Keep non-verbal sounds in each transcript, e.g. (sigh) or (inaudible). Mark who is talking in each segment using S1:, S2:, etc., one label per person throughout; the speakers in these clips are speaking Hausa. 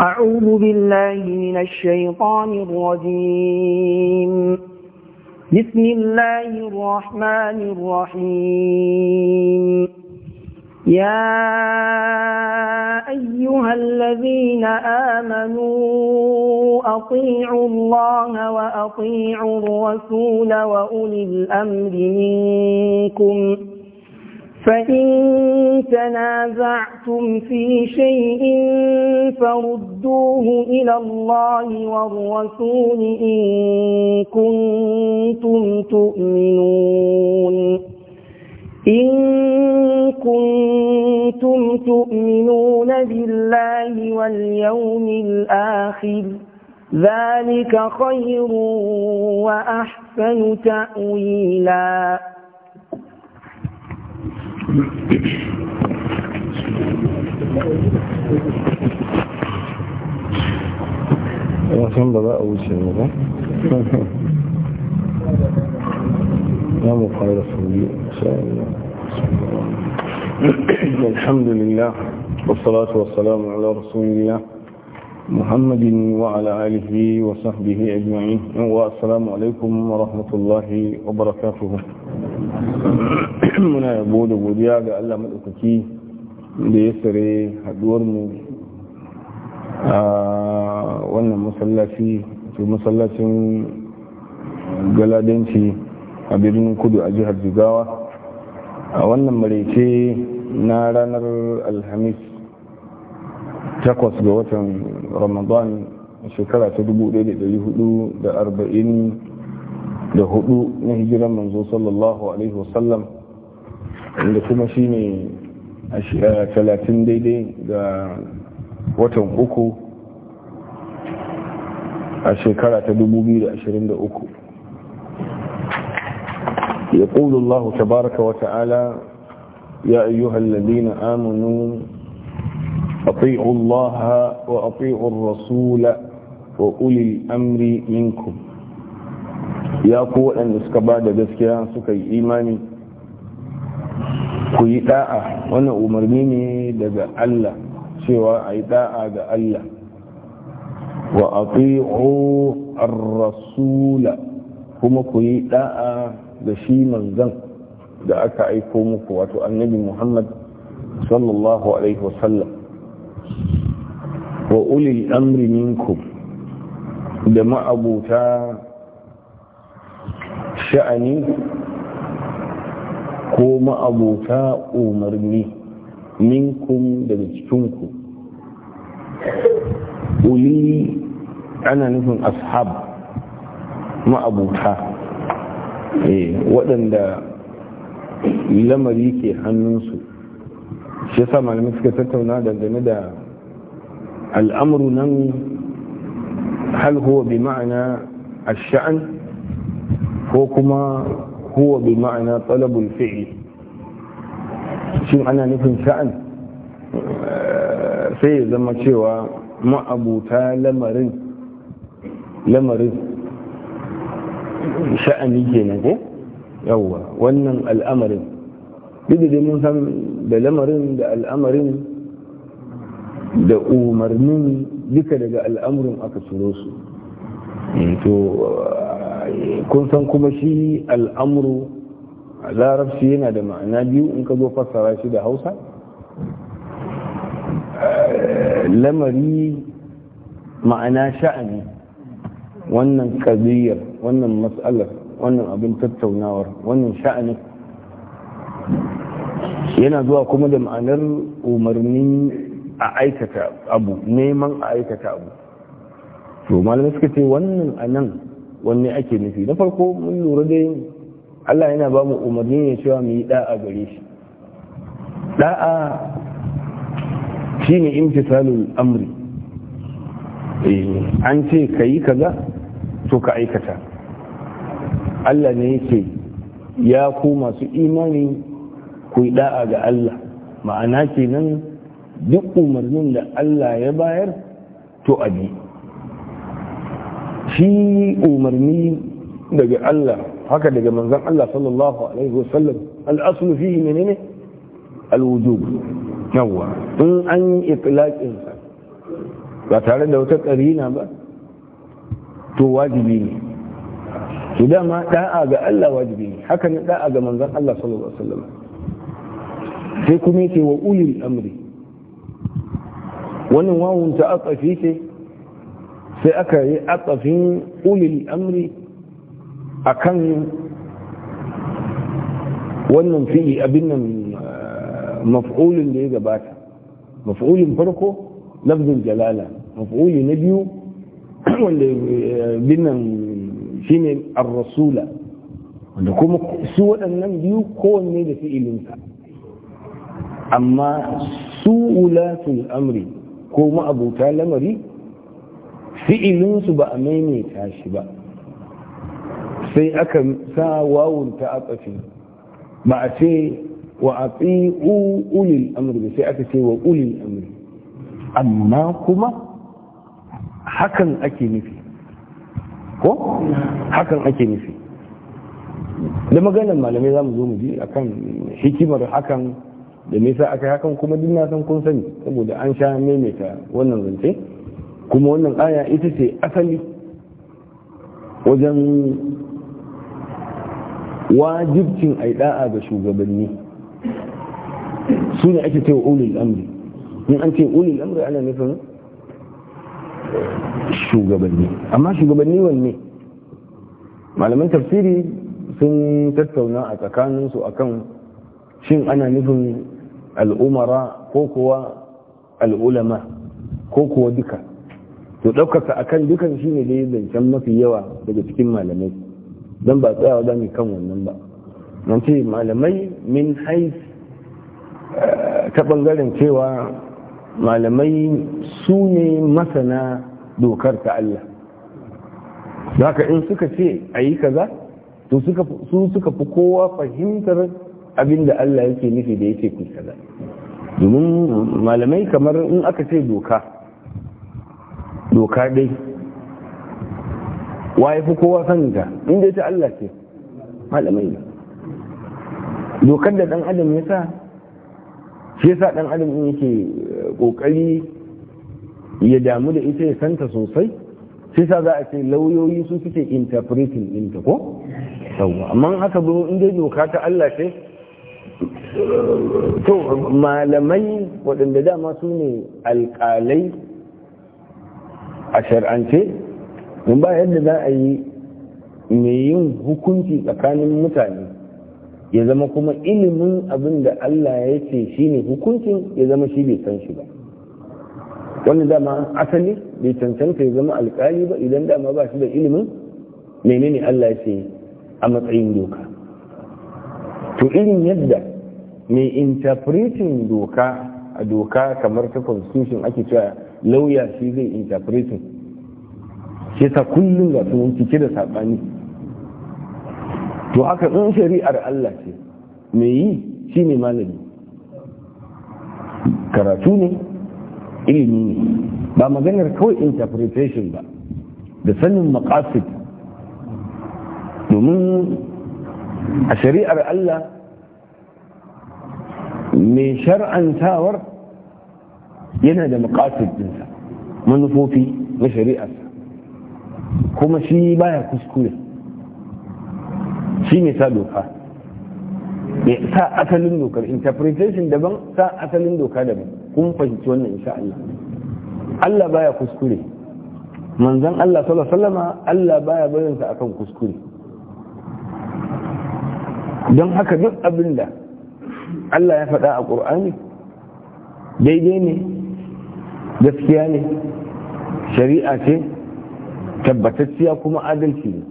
S1: أعوذ بالله من الشيطان الرجيم بسم الله الرحمن الرحيم يا أيها الذين آمنوا أطيعوا الله وأطيعوا الرسول وأولي الأمر منكم فإن تنازعتم في شيء فردوه إلى الله والرسول إن كنتم تؤمنون إن كنتم تؤمنون بالله واليوم الآخر ذلك خير وأحسن تأويلاً يصلى بقى أول شيء بقى يا مقايرة صلي إن الحمد لله والصلاة والسلام على رسول الله محمد وعلى آله وصحبه أجمعين والسلام عليكم ورحمة الله وبركاته muna yabo da godiya ga Allah maɗaukaki da ya tsare haɗuwarmu a wannan masallaci masallacin galadanci a birnin kudu a jihar jigawa a wannan maraice na ranar alhamis takwas ga watan ramadan shekara ta dubu da da da hudu arba'in hudu na hijiran manzo sallallahu alaihi wasallam inda kuma shi ne shine eh, talatin daidai ga watan uku a shekara ta dubu biyu da da ashirin 2023 يقول الله تبارك وتعالى يا أيها الذين آمنوا أطيعوا الله وأطيعوا الرسول وأولي الأمر منكم يا قوة أن اسكبادة جسكيا سكي إيماني ku yi da'a wannan umarni ne daga Allah cewa a ɗa'a da'a ga Allah wa ati'u rasula kuma ku yi da'a ga shi manzan da aka aiko muku wato annabi Muhammad wa ulil amri minkum da ma'abuta sha'ani ko ma'abuta umarni minkum daga cikinku uli ana nufin ashab ma'abuta eh, waɗanda lamari ke hannunsu shi yasa malamai suka tattauna dangane da al'amuru nan hal huwa bi ma'ana ash-sha'n ko kuma huwa bi ma'ana talabul fi'l shin ana nufin sha'an eh, sai ya zama cewa ma'abuta lamarin lamarin sha'ani kenan ko yawwa wannan al'amarin duk da mun san da lamarin da al'amarin da umarnin duka daga al'amurin aka ciro su eh, to kun san kuma shi al'amuru larabci yana da ma'ana biyu in ka zo fassara shi da hausa eh, lamari ma'ana sha'ani wannan kaziyar wannan matsalar wannan abin tattaunawar wannan sha'anin yana zuwa kuma da ma'anar umarni a aikata abu neman a aikata abu to malamai suka ce wannan a nan wanne ake nufi na farko mun lura dai Allah yana ba mu umarni ne cewa mu yi da'a gare shi da'a shine imtisalul amri eh, an ce ka kaza to ka aikata Allah ne yake ya ku masu imani ku yi da'a ga Allah ma'ana kenan duk umarnin da Allah ya bayar to a bi shi umarni daga Allah haka daga manzan Allah sallallahu alaihi wasallam al'asulu fihi menene alwujub yawa in an yi itlaqin sa ba tare da wata karina ba to wajibi ne to dama da'a ga Allah wajibi ne haka ne da'a ga manzan Allah sallallahu alaihi wasallam sai kuma yake wa ulil amri wannan wawun ta atsafi ce sai aka yi atsafin ulil amri a kan wannan fi'i abin nan eh, maf'ulin da ya gabata maf'ulin farko lafzin jalala maf'uli na biyu (clears throat) wanda eh, binnan shine ar-rasula wanda kuma su waɗannan biyu kowanne da fi'ilinsa amma su ulatul amri ko ma'abuta lamari fi'ilinsu ba a maimaita shi ba sai aka sa wawun ta atsafi ba a ce wa a ulil amri ba sai aka ce wa ulil amri amma kuma hakan ake nufi ko hakan ake nufi da maganar malamai za mu zo mu ji akan hikimar hakan da nisa aka hakan kuma duk na san kun sani saboda an sha maimaita wannan zance kuma wannan aya ita ce asali wajen wajibcin aida'a ga shugabanni su ne ake cewa ulul amri in an ce ulul amri ana nufin shugabanni amma shugabanni wanne malaman tafsiri sun tattauna a tsakaninsu akan shin ana nufin al'umara ko kuwa al'ulama ko kuwa duka to ɗaukaka a kan dukan shi ne dai zancen mafi yawa daga cikin malamai don ba tsayawa za kan wannan ba nan ce malamai min hais eh, ta ɓangaren cewa malamai su ne masana dokar ta Allah ka in suka ce a yi kaza su suka fi kowa fahimtar abinda Allah yake nufi da yake kusa da, domin malamai kamar in aka ce doka doka dai waye fi kowa sanin ta inda ta Allah ce malamai ne dokar da dan adam ya sa shi yasa dan adam in yake kokari eh, ya damu da ita ya santa sosai shi sa za a ce lauyoyi su suke interpreting ɗinta ko? amma aka zo inda doka ta Allah ce to malamai waɗanda dama su ne alƙalai a shar'ance in ba yadda za a yi mai yin hukunci tsakanin mutane ya zama kuma ilimin abin da Allah ya ce shi ne hukuncin ya zama shi bai san shi ba wani dama asali bai cancanta ya zama alƙali ba idan dama ba shi da ilimin menene Allah ya ce a matsayin doka to irin yadda mai interpreting doka a doka kamar ta constitution ake cewa lauya shi zai interpreting shi ta kullum ga sun cike da saɓani to haka in shari'ar Allah ce mai yi shi ne malami karatu ne ilimi ne ba maganar kawai interpretation ba da sanin makasid domin a shari'ar Allah mai shar'antawar yana da makasid dinsa manufofi na shari'ar kuma shi baya kuskure shi ne sa doka sa asalin dokar interpretation daban sa asalin doka daban kun fahimci wannan insha Allah Allah baya kuskure manzan Allah sallallahu alaihi wasallama Allah baya barinsa akan kuskure don haka duk abin da Allah ya faɗa a ƙur'ani daidai ne gaskiya ne shari'a ce tabbatacciya kuma adalci ne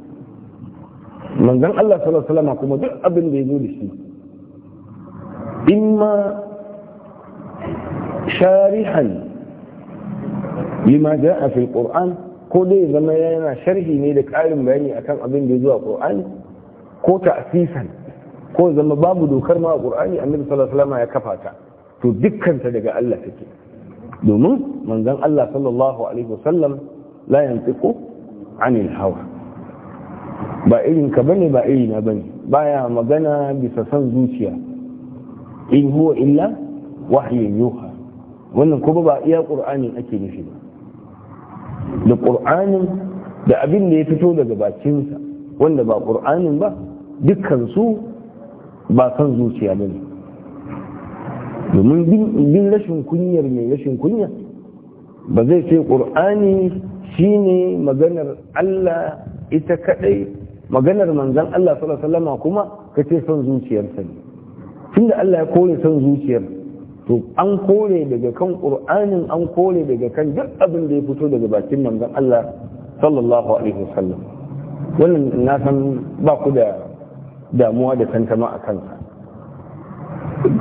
S1: manzon Allah sallallahu alaihi kuma duk abin da ya zo da shi imma sharihan lima ja'a fil qur'an ko dai zama yana sharhi ne da ƙarin bayani akan abin da ya zo a qur'ani ko ta'sisan ko zama babu dokar ma a ƙur'ani annabi sallallahu alaihi ya kafa ta to dukkanta daga Allah take domin manzon Allah sallallahu alaihi wasallam la yantiqu anil hawa ba irin ka bane ba iri na bane baya magana bisa san zuciya in huwa illa wahyin yuha wannan kuma ba iya ƙur'anin ake nufi ba da ƙur'anin da abin da ya fito daga sa. wanda ba ƙur'anin ba dukkan su ba son zuciya ba ne domin bin rashin kunyar mai rashin kunya ba zai ce ƙur'ani shine maganar Allah ita kadai maganar manzan Allah sallama kuma ka ce son zuciyarsa ne tunda Allah ya kore son zuciyar to an kore daga kan ƙur'anin an kore daga kan duk abin da ya fito daga bakin manzan Allah sallallahu alaihi wasallam wannan na san ba ku da damuwa da tantama a kansa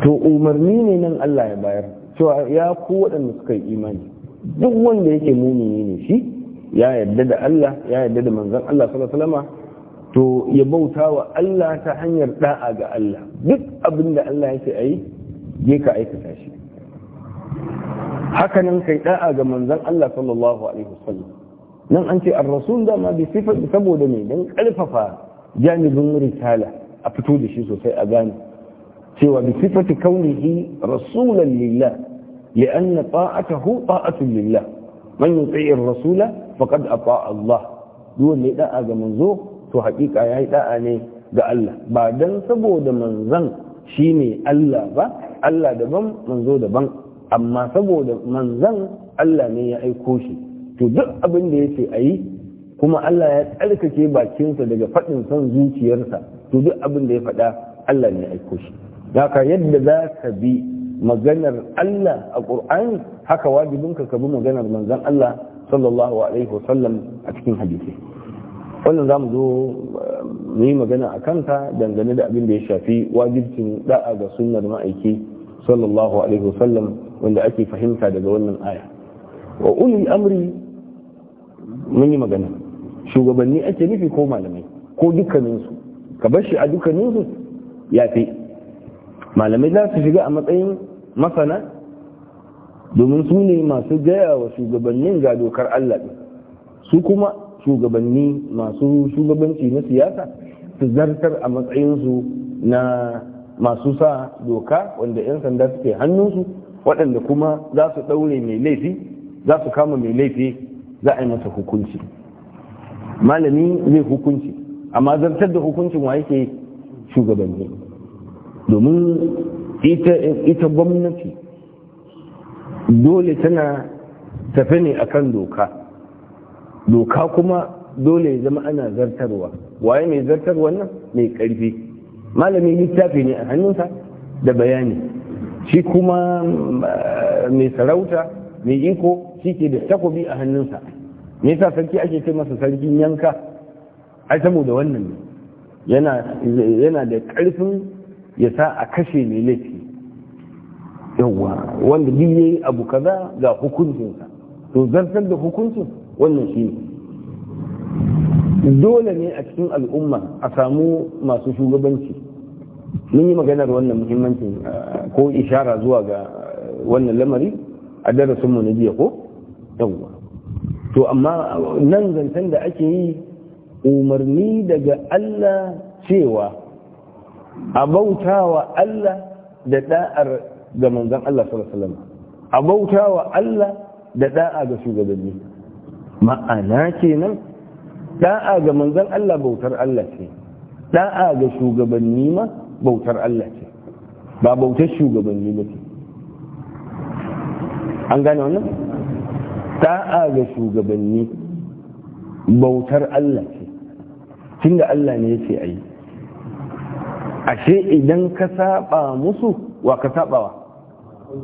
S1: to umarni ne nan Allah ya bayar cewa ya ku waɗanda suka yi imani duk wanda yake mumini ne shi ya yarda da Allah ya yarda da manzon Allah sallallahu to ya bauta wa Allah ta hanyar da'a ga Allah duk abin da Allah yake ayi je ka aikata shi haka nan kai da'a ga manzon Allah sallallahu alaihi wasallam nan an ce ar-rasul da ma bi sifa saboda ne dan karfafa janibin risala a fito da shi sosai a gane cewa bi sifati kaunihi rasulan lillah li'anna ta'atahu ta'atun lillah man yuti'i rasula faqad ata Allah duk wanda da'a ga manzo to hakika yayi da'a ne ga Allah ba dan saboda manzon shine Allah ba Allah daban manzo daban amma saboda manzon Allah ne ya aiko shi to duk abin da yace ayi kuma Allah ya tsarkake bakinsa daga faɗin son zuciyarsa to duk abin da ya faɗa Allah ne ya aiko shi haka yadda za ka bi maganar Allah a ƙur'ani haka wajibinka ka bi maganar manzon Allah sallallahu alaihi wasallam a cikin hadisi wannan za mu zo eh, mu yi magana a kanta dangane da abin da ya shafi wajibcin da'a ga sunnar ma'aiki sallallahu alaihi wasallam wanda ake fahimta daga wannan aya wa ulul amri mun yi magana shugabanni ake nufi ko malamai ko dukkaninsu ka bar shi a dukkaninsu ya fi malamai za su shiga a matsayin masana domin su ne masu gaya wa shugabannin ga dokar Allah su kuma shugabanni masu shugabanci na siyasa su zartar a matsayinsu na masu sa doka wanda 'yan sanda suke hannunsu waɗanda kuma za su ɗaure mai laifi za su kama mai laifi za a yi masa hukunci malami zai hukunci amma zartar da hukuncin wa yake shugabanni domin ita gwamnati dole tana tafi ne akan doka doka kuma dole zama ana zartarwa waye mai zartarwa nan mai karfi malamin littafi ne a hannunsa da bayani shi kuma eh, mai sarauta mai iko shi ke da takobi a hannunsa me yasa sarki ake ce masa sarkin yanka ai saboda wannan yana da karfin ya sa a kashe mai laifi yawwa wanda duk yayi abu kaza ga hukuncinsa to zartar da hukuncin wannan shi ne dole ne a cikin al'umma a samu masu shugabanci mun yi maganar wannan muhimmancin ko ishara zuwa ga wannan lamari a darasinmu na jiya ko yawwa to amma nan zancen da ake yi umarni daga Allah cewa a bautawa Allah da da'ar ga manzan Allah sallallahu a bauta a bautawa Allah da da'a ga shugabanni ma'ana kenan da'a ga manzan Allah bautar Allah ce da'a ga shugabanni ma bautar Allah ce ba bautar shugabanni ba ce an gane wannan da'a ga shugabanni bautar Allah ce tun da Allah ne yake a yi ashe idan ka saba musu wa ka wa?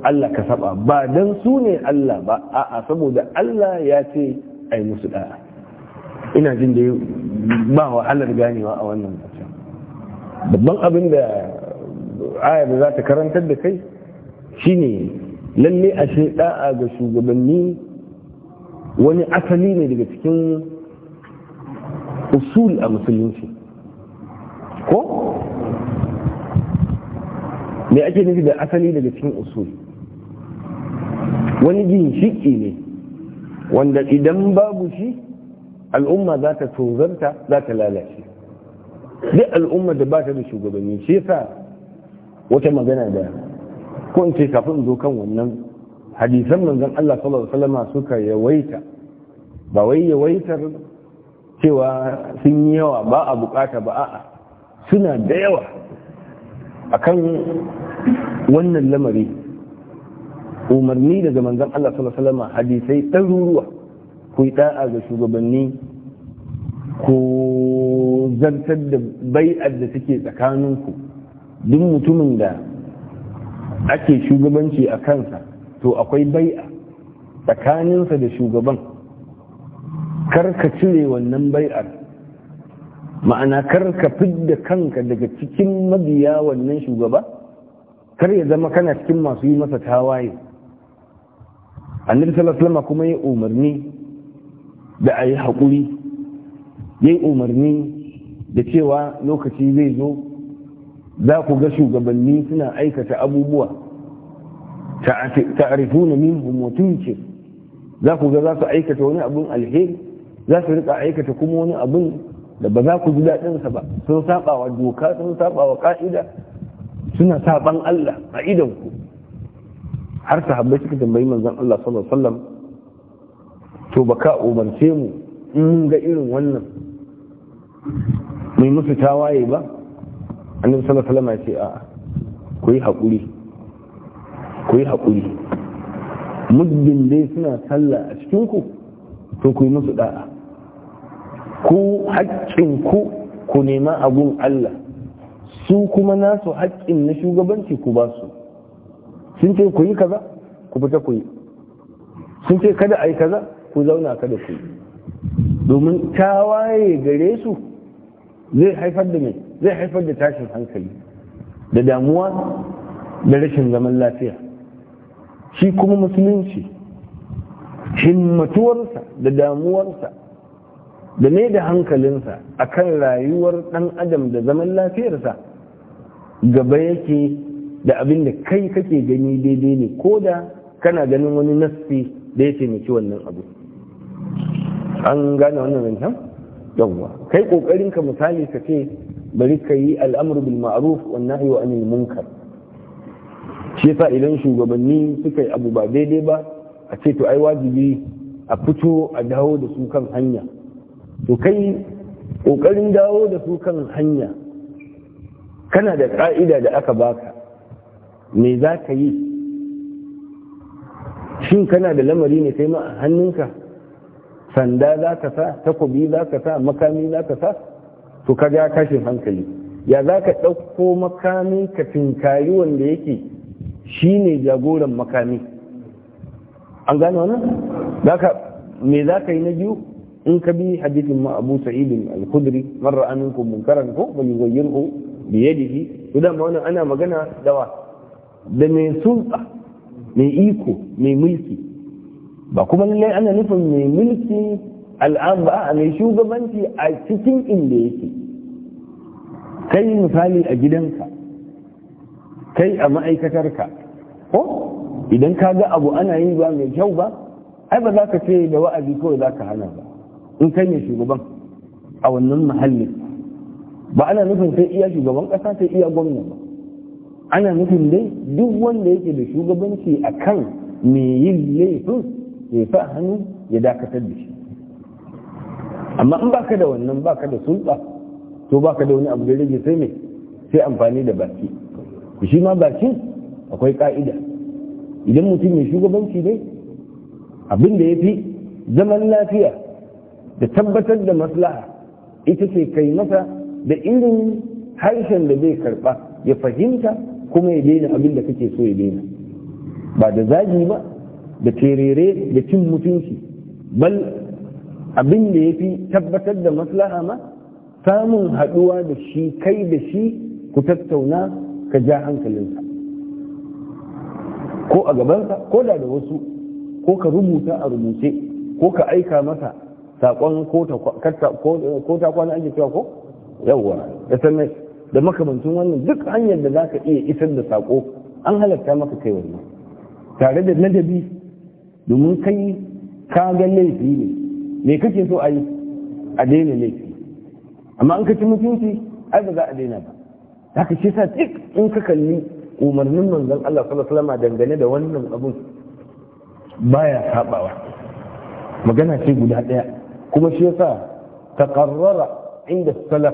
S1: Allah ka saba ba dan su ne Allah ba a'a saboda Allah ya ce ai musu da'a ina jin da ba wahalar ganewa a wannan babban abin da aya da za ta karantar da kai shine lalle ashe ɗa'a ga shugabanni wani asali ne daga cikin usul a musulunci ko me ake nufi da asali daga cikin usul wani ginshiki ne wanda idan babu shi al'umma za ta tozarta za ta lalace duk al'umma da ba ta da shugabanni shi yasa wata magana da ko in ce kafin zo kan wannan hadisan manzon Allah sallallahu alaihi wasallam suka yawaita ba wai yawaitar cewa sun yi yawa ba a bukata ba a'a suna da yawa a kan wannan lamari umarni daga manzan Allah sallallahu alaihi hadisai ɗaruruwa ku yi ɗa'a ga shugabanni ku zartar da bai'ar da suke tsakaninku duk mutumin da ake shugabanci a kansa to akwai bai'a tsakaninsa da shugaban kar ka cire wannan bai'ar ma'ana kar ka fidda kanka daga cikin mabiya wannan shugaba kar ya zama kana cikin masu yi masa tawaye annabi sallallahu alaihi kuma ya umarni da a yi haƙuri ya yi umarni da cewa lokaci zai zo za ku ga shugabanni suna aikata abubuwa ta'arifuna minhum wa tunkir za ku ga za su aikata wani abun alheri za su rika aikata kuma wani abin da ba za ku ji daɗinsa ba sun saba wa doka sun saba wa ka'ida suna saban Allah a idan ku har sahabbai suka tambayi manzon Allah sallallahu alaihi wasallam to baka umarce mu in mun ga irin wannan mai musu tawaye ba annabi sallallahu alaihi wasallam ya ce a'a ku yi hakuri ku yi hakuri muddin dai suna sallah a cikin ku to ku yi musu da'a ku haƙƙinku ku nema abun Allah su kuma nasu haƙƙin na shugabanci ku ba su sun ce ku yi kaza ku fita ku yi sun ce kada a yi kaza ku zauna kada ku yi domin tawaye gare su zai haifar da mai zai haifar da tashin hankali da damuwa da rashin zaman lafiya shi kuma musulunci himmatuwarsa da damuwarsa da ne da hankalinsa akan rayuwar ɗan adam da zaman lafiyarsa gaba yake da abin da kai kake gani daidai ne ko da kana ganin wani nassi da ya taimaki wannan abu an gane wannan zancen yawwa kai kokarin ka misali ka ce bari ka yi al'amur bil ma'ruf wa nahyi wa anil munkar shi yasa idan shugabanni suka yi abu ba daidai ba a ce to ai wajibi a fito a dawo da su kan hanya to kai ƙoƙarin dawo da su kan hanya kana da ƙa'ida da aka baka me za ka yi shin kana da lamari ne kai ma a hannunka sanda za ka sa takobi za ka sa makami za ka sa to ka ga kashin hankali ya za ka ɗauko makami ka tinkari wanda yake shi ne jagoran makami an gane wannan me za ka yi na biyu in ka bi hadisin ma Abu Sa'id al-Khudri marra aminkum munkaran ko fa yughayyiru bi yadihi to da wannan ana magana dawa da mai sulta mai iko mai mulki ba kuma lallai ana nufin mai mulki al'am ba a mai shugabanci a cikin inda yake kai misali a gidanka kai a ma'aikatarka ko idan ka ga abu ana yi ba mai kyau ba ai ba za ka ce da wa'azi kawai za ka hana ba in kai ne shugaban a wannan mahalli ba ana nufin sai iya shugaban ƙasa sai iya gwamna ba ana nufin dai duk wanda yake da shugabanci a kan me yin laifin ya sa hannu ya dakatar da shi amma in baka da wannan baka da sulɓa to baka da wani abu da rage sai mai sai amfani da baki shi ma bakin akwai ka'ida idan mutum mai shugabanci dai abin da ya fi zaman lafiya da tabbatar da maslaha ita ce kai masa da irin harshen da zai karba ya fahimta kuma ya daina abin da kake so ya daina ba da zagi ba da terere da cin mutunci bal abin da ya fi tabbatar da maslaha ma samun haɗuwa da shi kai da shi ku tattauna ka ja hankalinsa ko a gabansa ko da da wasu ko ka rubuta a rubuce ko ka aika masa saƙon ko ta kwana ake cewa ko yawwa sms da makamancin wannan duk hanyar da za ka iya isar da saƙo an halatta maka kai wannan tare da ladabi domin kai ka ga laifi ne me kake so a yi a daina laifi amma an kaci mutunci ai ba za a daina ba haka shi sa duk in ka kalli umarnin manzon Allah sallallahu alaihi wasallam dangane da wannan abun baya sabawa magana ce guda ɗaya kuma shi yasa karrara inda salaf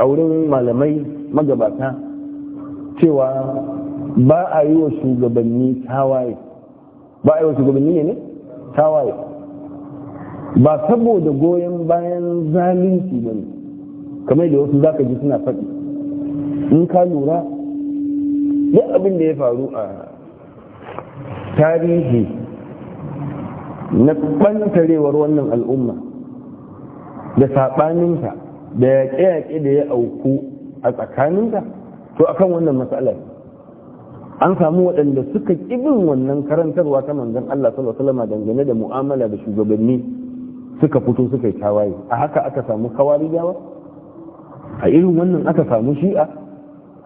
S1: a malamai magabata cewa ba a yi wa shugabanni tawaye ba a yi wa shugabanni ne tawaye ba saboda goyon bayan zalunci ba ne kamar da wasu zaka ji suna faɗi in ka lura duk abin da ya faru a tarihi na ɓantarewar wannan al'umma da saɓaninta da yaƙe-yaƙe da ya auku a tsakaninta to akan wannan matsalar an samu waɗanda suka ƙibin wannan karantarwa ta manzon Allah sallallahu alaihi dangane da mu'amala da shugabanni suka fito suka yi tawaye a haka aka samu kawarijawa a irin wannan aka samu shi'a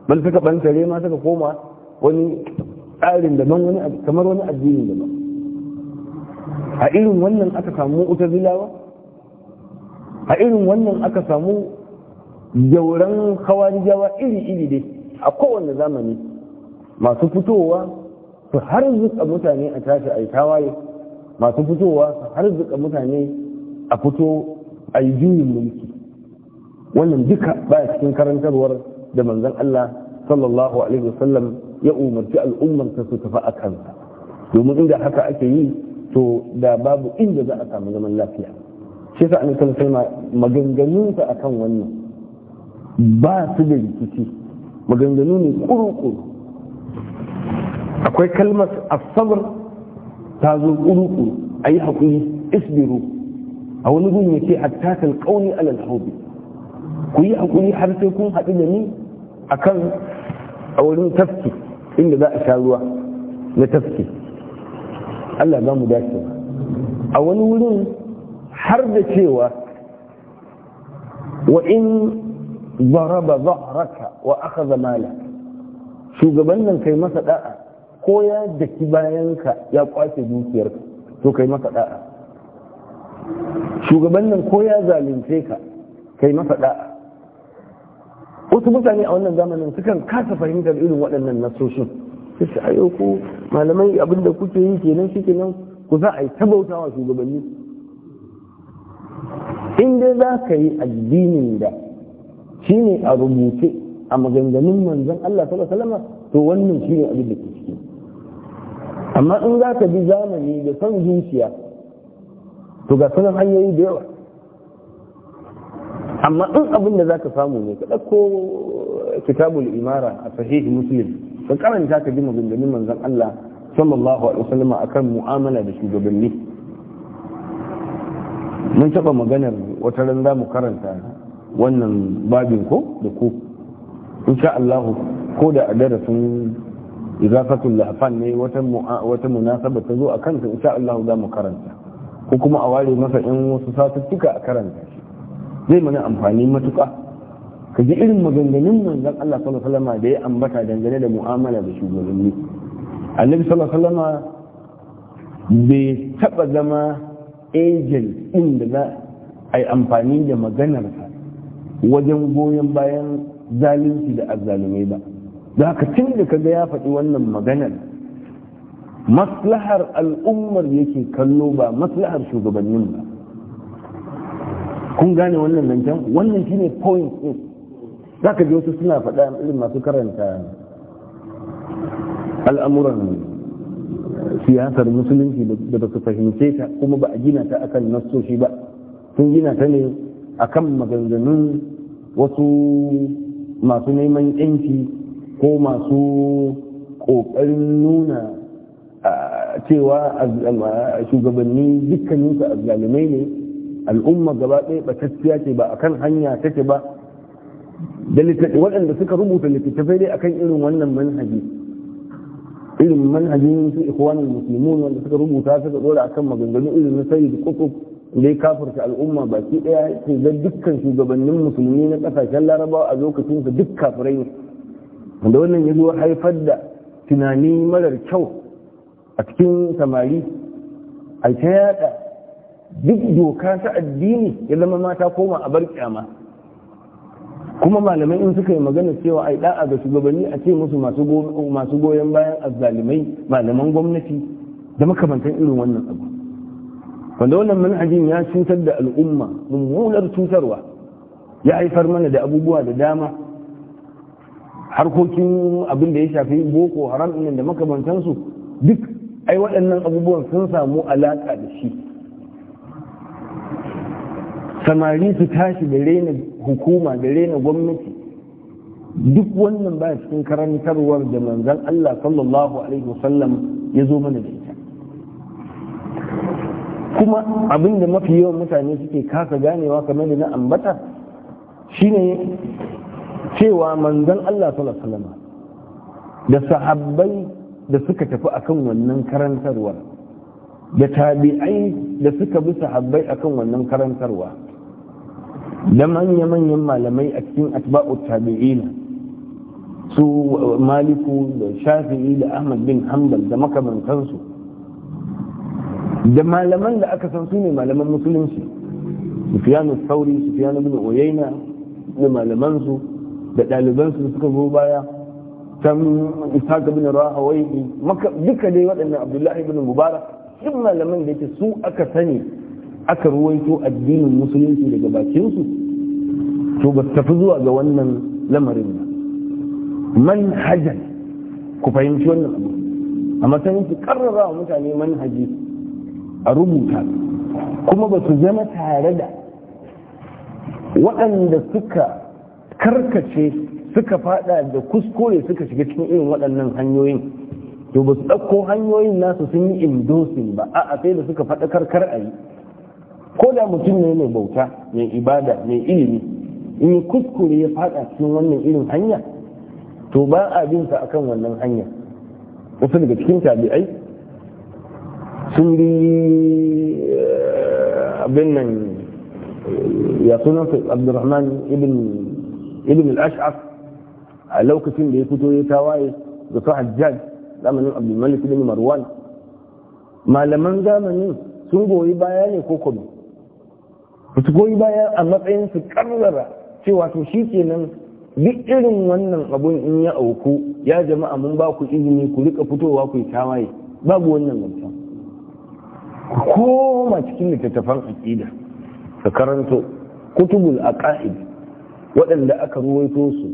S1: bal suka ɓantare ma suka koma wani tsarin daban wani kamar wani addinin daban a irin wannan aka samu utazilawa a irin wannan aka samu jauran hawarijawa iri-iri dai a kowane zamani masu fitowa su har zuka mutane a tashi a yi tawaye masu fitowa su har zuka mutane a fito a yi juyin mulki wannan duka baya cikin karantarwar da manzon Allah sallallahu alaihi wasallam ya umarci al'ummarsa su tafi a kansa domin inda haka ake yi to da babu inda za a samu zaman lafiya shi sa an kan sai maganganunsa akan wannan ba su da rikici maganganu ne kuru akwai kalmar asabar ta zo kuru a yi haƙuri isbiru a wani gun yake hatta talƙauni alal haubi ku yi haƙuri har sai kun haɗu da ni akan a wurin tafki inda za a sha ruwa na tafki Allah ba mu dace a wani wurin har da cewa wa in zaraba zahraka wa akhadha mala shugaban nan kai masa da'a ko ya daki bayanka ya kwace dukiyarka to kai masa da'a shugaban nan ko ya zalunce ka kai masa da'a wasu mutane a wannan zamanin sukan kasa fahimtar irin waɗannan nasoshin ta ce ayo ku malamai abin da kuke yi kenan shi kenan ku za a yi tabauta wa shugabanni in dai za ka yi addinin da shi ne a rubuce a maganganun manzon Allah sallallahu alaihi to wannan shi ne abin da ke ciki amma in za ka bi zamani da son zuciya to ga sunan hanyoyi da yawa amma in abin da za ka samu ne ka ɗauko kitabul imara a sahihi muslim ka karanta ka ji maganganun manzon Allah sallallahu alaihi wasallam akan mu'amala da shugabanni mun taba maganar wata ran za mu karanta wannan babin ko da ku insha Allah ko da a darasin izafatul lafan ne wata wata munasaba ta zo a kanta insha Allah za mu karanta ko kuma a ware masa in wasu satuttuka a karanta shi zai mana amfani matuƙa ka ji irin maganganun manzon Allah sallallahu alaihi wasallam da ya ambata dangane da mu'amala da shugabanni annabi sallallahu alaihi wasallam bai taba zama agent din da za a yi amfani da maganarsa wajen goyon bayan zalunci da azzalumai ba Da ka tun da kaga ya faɗi wannan maganar maslahar al'ummar yake kallo ba maslahar shugabannin ba kun gane wannan zancen wannan shine point ɗin za ka ji wasu suna faɗa irin masu karanta al'amuran siyasar musulunci da ba su fahimce ta kuma ba a gina ta akan nassoshi ba sun gina ta ne akan maganganun wasu masu neman yanki ko masu ƙoƙarin nuna cewa shugabanni dukkaninsu a zalimai ne al'umma gaba ɗaya ba ce ba akan hanya take ba da waɗanda suka rubuta littattafai dai akan irin wannan manhaji irin manhajin su ikhwanul muslimun wanda suka rubuta suka dora akan maganganu irin na sayyid qutb da ya kafirta al'umma baki ɗaya ke ga dukkan shugabannin musulmi na kasashen larabawa a lokacin su duk kafirai ne wanda wannan ya zo haifar da tunani marar kyau a cikin samari a ta yada duk doka ta addini ya zama mata koma a bar kyama kuma malamai in suka yi magana cewa ai da'a ga shugabanni a ce musu masu goyon bayan azzalimai malaman gwamnati da makamantan irin wannan abu wanda wannan manhajin ya cutar da al'umma mummunar cutarwa ya haifar mana da abubuwa da dama harkokin abin da ya shafi boko haram ɗin da makamantansu duk ai waɗannan abubuwan sun samu alaƙa da shi samari su tashi da raina hukuma da rena gwamnati duk wannan ba cikin karantarwar da manzan Allah sallallahu alaihi wasallam ya zo mana da ita kuma abin da mafi yawan mutane suke kasa ganewa kamar da na ambata shine cewa manzan Allah sallallahu alaihi da sahabbai da suka tafi akan wannan karantarwar da tabi'ai da suka bi sahabbai akan wannan karantarwa da manya-manyan malamai a cikin atba'u tabi'ina su maliku da shafi'i da ahmad bin hanbal da makamantansu da malaman da aka san su ne malaman musulunci sufiyanu sauri sufiyanu bin oyaina da malamansu da ɗalibansu suka zo baya can isaka bin rahawai duka dai waɗannan abdullahi bin mubarak duk malaman da yake su aka sani aka ruwaito addinin musulunci daga bakin su? to ba tafi zuwa ga wannan lamarin ba manhajan ku fahimci wannan abu a matsayin su karrara wa mutane manhaji a rubuta kuma ba su zama tare da waɗanda suka karkace suka fada da kuskure suka shiga cikin irin waɗannan hanyoyin to ba su ɗauko hanyoyin nasu sun yi indosin ba a'a sai da suka faɗa karkar a yi ko da mutum ne mai bauta mai ibada mai ilimi in ya kuskure ya fada cikin wannan irin hanya to ba a bin sa akan wannan hanya wasu daga cikin tabi'ai sun bi eh, abin nan ya sunan abdurrahman ibn ibn al-ash'af a lokacin da ya fito ya tawaye da su hajjaj zamanin abdulmalik ibn marwan malaman zamanin sun goyi baya ne ko kuma ba su goyi baya a matsayin su karrara cewa to shi kenan duk irin wannan abun in ya auku ya jama'a mun ba ku izini ku rika fitowa ku yi tawaye babu wannan gamsa koma cikin littattafan aƙida ka karanto kutubul aqaid waɗanda aka ruwaito su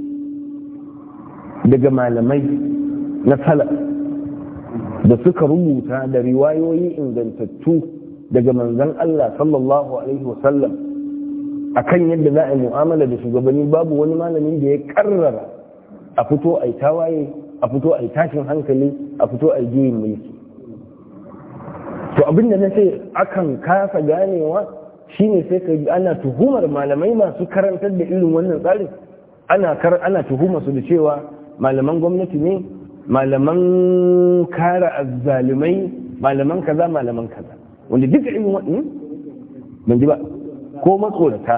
S1: daga malamai na salaf da suka rubuta da riwayoyi ingantattu daga manzon Allah sallallahu alaihi wasallam akan yadda za a mu'amala da shugabanni babu wani malamin da ya karrara a fito a tawaye a fito a tashin hankali a fito a juyin mulki to abin da na ce akan kasa ganewa shine sai ka ana tuhumar malamai masu karantar da irin wannan tsarin ana kar ana tuhuma su da cewa malaman gwamnati ne malaman kare azzalumai malaman kaza malaman kaza wanda duka irin waɗin hmm? ban ji ba ko matsorata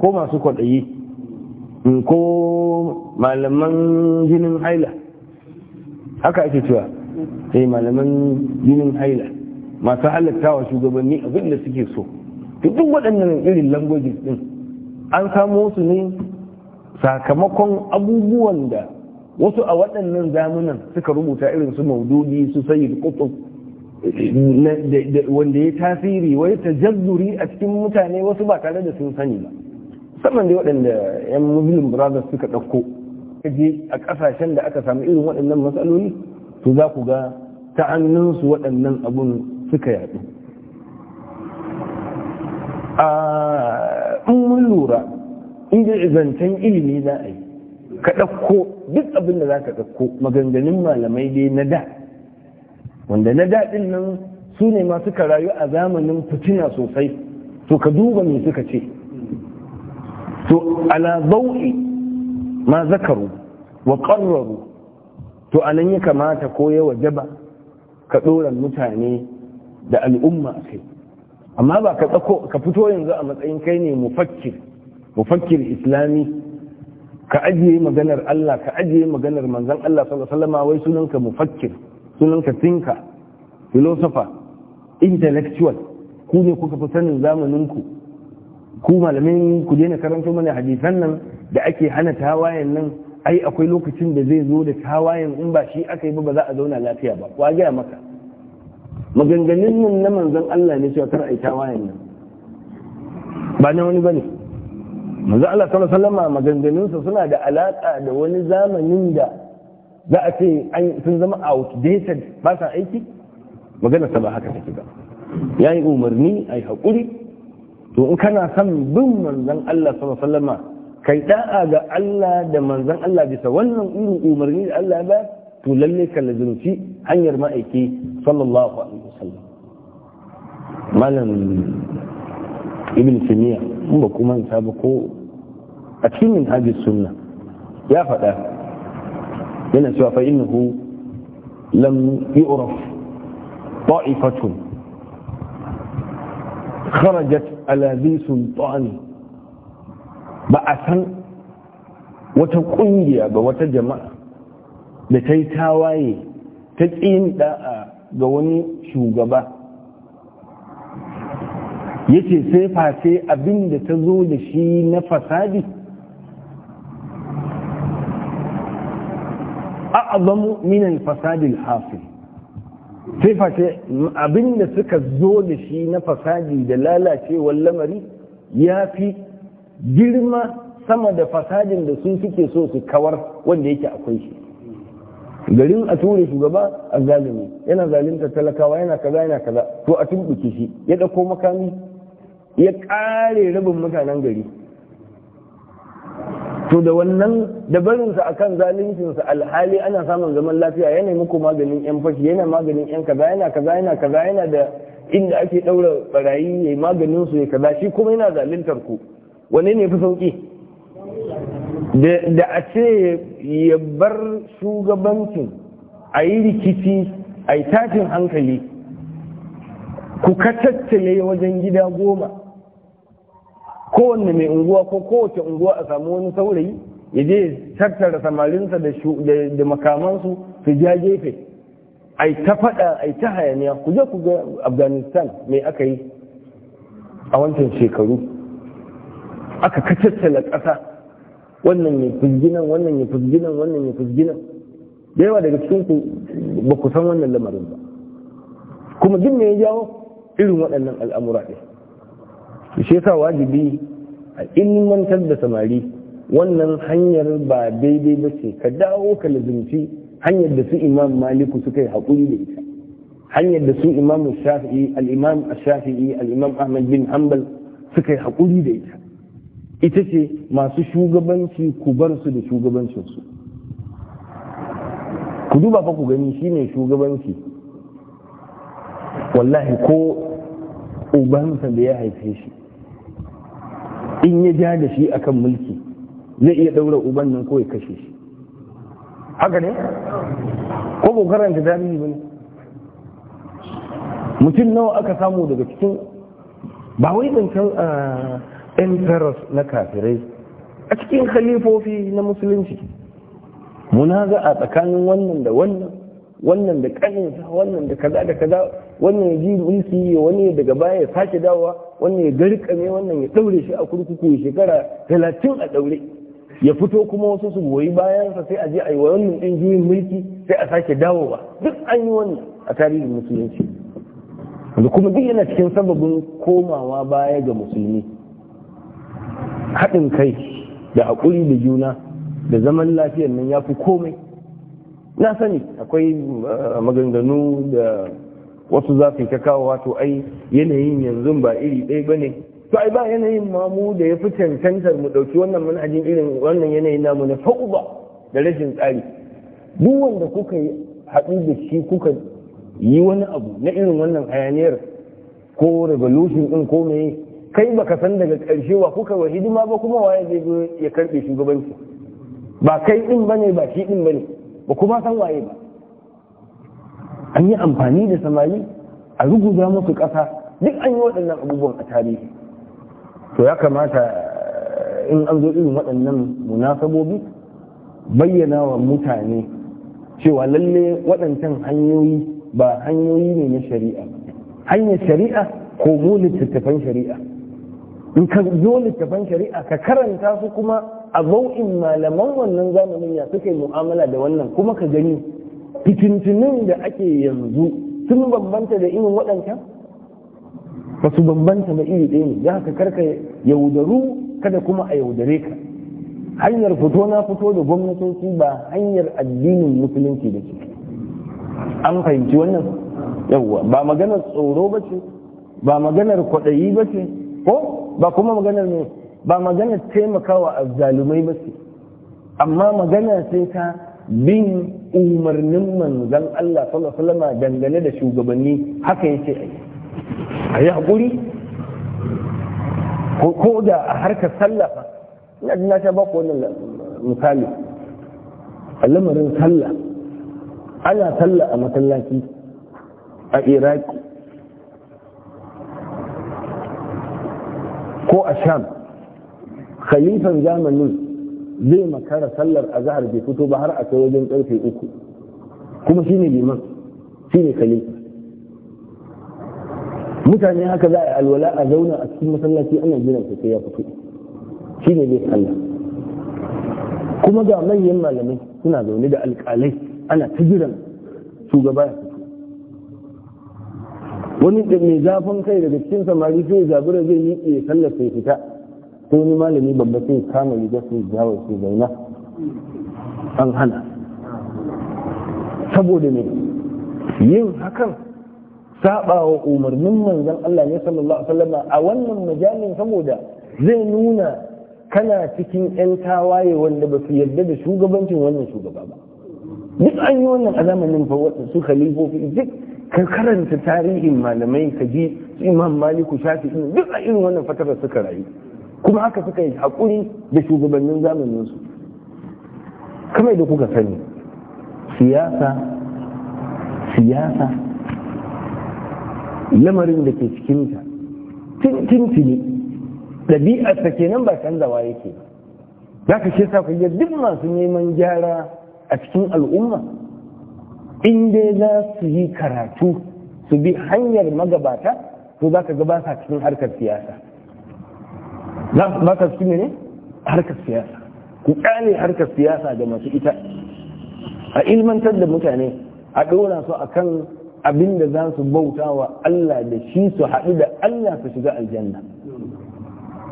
S1: ko masu kwaɗayi hmm, ko malaman jinin haila haka ake cewa sai eh, malaman jinin haila masu halatta wa shugabanni abin da suke so duk waɗannan irin langojin ɗin an samo su ne sakamakon abubuwan da wasu a waɗannan zamunan suka rubuta irin su maududi su sayi kutub wanda ya tasiri wai tajazzuri a cikin mutane wasu ba tare da sun sani ba Saman dai waɗanda 'yan muslim brothers suka ɗauko je a ƙasashen da aka samu irin waɗannan matsaloli to za ku ga ta'annunsu waɗannan abun suka yaɗu a in mun lura in inda zancen ilimi za a yi ka ɗauko duk abin da za ka ɗauko maganganun malamai dai na da wanda na daɗin nan su ne ma suka rayu a zamanin fitina sosai to ka duba me suka ce to ala zau'i ma zakaru wa ƙarraru to anan ya kamata ko ya wajaba ka mutane da al'umma a kai amma ba ka tsako ka fito yanzu a matsayin kai ne mufakkir mufakkir islami ka ajiye maganar Allah ka ajiye maganar manzon Allah sallallahu alaihi wasallam wai sunanka mufakkir sunanka thinker philosopher intellectual ku ne kuka fi sanin zamaninku ku malamin ku daina karanto mana hadisan nan da ake hana tawayen nan ai akwai lokacin da zai zo da tawayen in ba shi aka yi ba ba za a zauna lafiya ba wa gaya maka maganganun nan na manzon Allah ne cewa kar ai tawayen nan ba na wani bane manzon Allah sallallahu alaihi wasallam maganganunsa suna da alaka da wani zamanin da za a ce sun zama outdated ba sa aiki magana ta ba haka take ba ya yi umarni a yi haƙuri to in kana son bin manzan Allah sallallahu kai da'a ga Allah da manzan Allah bisa wannan irin umarni da Allah ba to lalle ka lazumci hanyar ma'aiki sallallahu alaihi wasallam malam ibn timiya in ba kuma ba ko a cikin hajjis sunna ya faɗa yana cewa fa innahu lam yu'raf ta'ifatun kharajat ala dhi sultani ba a san wata kungiya ga wata jama'a da ta yi tawaye ta ƙin da'a ga wani shugaba yace sai face abin da ta zo da shi na fasadi a'azamu min al-fasad al-hasil sai abinda suka zo da shi na fasadi da lalacewar lamari ya fi girma sama da fasadin da su suke so su kawar wanda yake akwai shi garin a ture shugaba a zalimi yana zalinta talakawa yana kaza yana kaza to a tumbuke shi ya dauko makami ya kare rabin mutanen gari to da wannan da barinsa akan zaluncinsa alhali ana samun zaman lafiya yana muku maganin yan fashi yana maganin yan kaza yana kaza yana kaza yana da inda ake daura barayi ya maganin su ya kaza shi kuma yana zaluntar ku wanne ne fi sauki da a ce ya bar shugabancin a yi rikici a yi tashin hankali ku ka tattale wajen gida goma kowanne mai unguwa ko kowace unguwa a samu wani saurayi ya je tattara samarinsa da makamansu su ja gefe ai ta faɗa ai ta hayaniya ku je ku ga afghanistan mai aka yi a wancan shekaru aka kacaccala ƙasa wannan ya fusginan wannan ya fusginan wannan ya fusginan da yawa daga cikin ku ba ku san wannan lamarin ba kuma duk me ya jawo irin waɗannan al'amura ɗaya shi yasa wajibi a ilmantar da samari wannan hanyar ba daidai ba ce ka dawo ka lazimci hanyar da su imam maliku suka yi haƙuri da ita hanyar da su imam shafi'i al-imam shafi'i al ahmad bin hanbal suka yi haƙuri da ita ita ce masu shugabanci ku bar su da shugabancinsu ku duba fa ku gani shine shugabanci wallahi ko ubansa da ya haife shi in ya ja da shi akan mulki zai iya daura uban nan ko ya kashe shi haka ne ko ko karanta tarihi bane mutum nawa aka samu daga cikin ba wai zancen ah, emperors na kafirai a cikin khalifofi na musulunci munaza a tsakanin wannan da wannan wannan da ƙaninsa wannan da kaza da kaza wannan ya ji mulki wani daga baya ya sake dawowa wannan ya garkame wannan ya ɗaure shi a kurkuku ya shekara talatin a ɗaure ya fito kuma wasu su goyi bayansa sai a je a yi wannan ɗin juyin mulki sai a sake dawowa duk an yi wannan a tarihin musulunci da kuma duk yana cikin sababin komawa baya ga musulmi haɗin kai da haƙuri da juna da zaman lafiyar nan ya fi komai na sani akwai uh, maganganu da wasu za su yi kawo wato ai yanayin yanzu ba iri ɗaya ba ne to ai ba yanayin mamu da ya fi cancantar mu ɗauki wannan manhajin irin wannan yanayin namu na fa'uba da rashin tsari duk wanda kuka haɗu da shi kuka yi wani abu na irin wannan hayaniyar ko revolution ɗin ko meye kai ba ka san daga ƙarshe wa kuka wa hidima ba kuma waye zai zo ya karɓe shugabanci ba kai ɗin ba ne ba shi ɗin bane ba kuma san waye ba an yi amfani da samari a ruguza musu ƙasa duk an yi waɗannan abubuwan a tarihi to ya kamata eh, in an zo irin waɗannan munasabobi bayyana wa mutane cewa lalle waɗancan hanyoyi ba hanyoyi ne na shari'a hanyar shari'a ko mu littattafan shari'a in ka zo littattafan shari'a ka karanta su kuma a bau'in malaman wannan zamanin ya suka yi mu'amala da wannan kuma ka gani fitintunin da ake yanzu sun bambanta da irin waɗancan ba su bambanta ba iri ɗaya ne ya haka karka yaudaru kada kuma a yaudare ka hanyar fito na fito da gwamnatoci ba hanyar addinin musulunci da ke an fahimci wannan yawwa ba maganar tsoro ba ce ba maganar kwaɗayi ba ce ko ba kuma maganar ne ba magana taimakawa azzalumai ba ce amma magana sai ta bin umarnin manzan Allah sallallahu dangane da shugabanni haka yake a yi a yi haƙuri ko da a harkar sallafa ina jina ta ba wannan misali a lamarin sallah ana sallah a masallaci a iraki ko a sham khalifan zamanin zai makara sallar azhar bai fito ba har a kai wajen karfe uku kuma shine liman shine khalifa mutane haka za a yi alwala a zauna a cikin masallaci ana jiran sai ya fito shine dai sallah kuma ga manyan malamai suna zaune da alƙalai ana ta jiran shugaba ya fito wani da mai zafin kai daga cikin samari sai zabura zai yi sallar sai fita sai ni malami babba sai kama riga sai jawo sai zaina an hana saboda ne yin hakan saba wa umarnin manzon Allah ne sallallahu alaihi wasallam a wannan majalin saboda zai nuna kana cikin 'yan tawaye wanda ba su yarda da shugabancin wannan shugaba ba duk an yi wannan a zamanin su khalifofi duk ka karanta tarihin malamai ka ji imam maliku shafi'i duk a irin wannan fatara suka rayu kuma haka suka yi haƙuri da shugabannin zamaninsu kamar da kuka sani siyasa siyasa lamarin da ke cikinta ɗabi'ar ke kenan ba canzawa yake za ka shi yi duk masu neman gyara a cikin al'umma in za su yi karatu su bi hanyar magabata to za ka gabata cikin harkar siyasa za ka ne harkar siyasa ku harkar siyasa da masu ita a ilmantar da mutane a ɗora su a kan abin da za su bauta wa Allah da shi su haɗu da Allah su shiga aljanna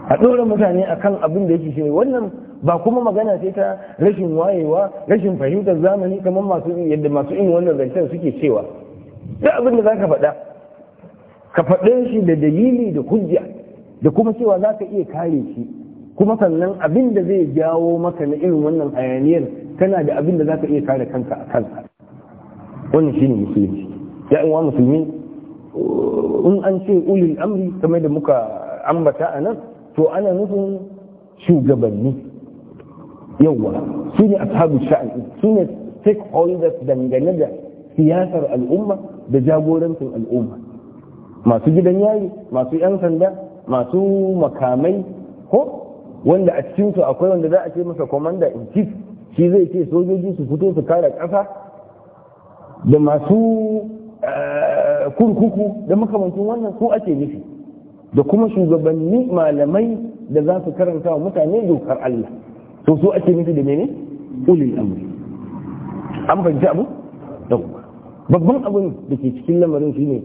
S1: a ɗora mutane a kan abin da yake shi ne wannan ba kuma magana ce ta rashin wayewa rashin fahimtar zamani kamar masu yadda masu yi wannan zancen suke cewa duk abin da za ka faɗa ka faɗe shi da dalili da hujja da kuma cewa za ka iya kare shi kuma sannan abin da zai jawo maka na irin wannan hayaniyar tana da abin da za ka iya kare kanka a kansa wannan shine musulunci ya wa musulmi in an ce ulil amri kamar da muka ambata a nan to ana nufin shugabanni yawwa su ne ashabu sha'ani su ne stakeholders dangane da siyasar al'umma da jagorancin al'umma masu gidan yayi masu 'yan sanda masu makamai ko wanda a cikinsu akwai wanda za a ce masa komanda in chief shi zai ce sojoji su fito su kare ƙasa da masu eh, kurkuku da makamancin wannan su ake nufi da kuma shugabanni malamai da za su karanta wa mutane dokar Allah to su ake nufi da mene ulil amri an fahimci abu babban abin da ke cikin lamarin shine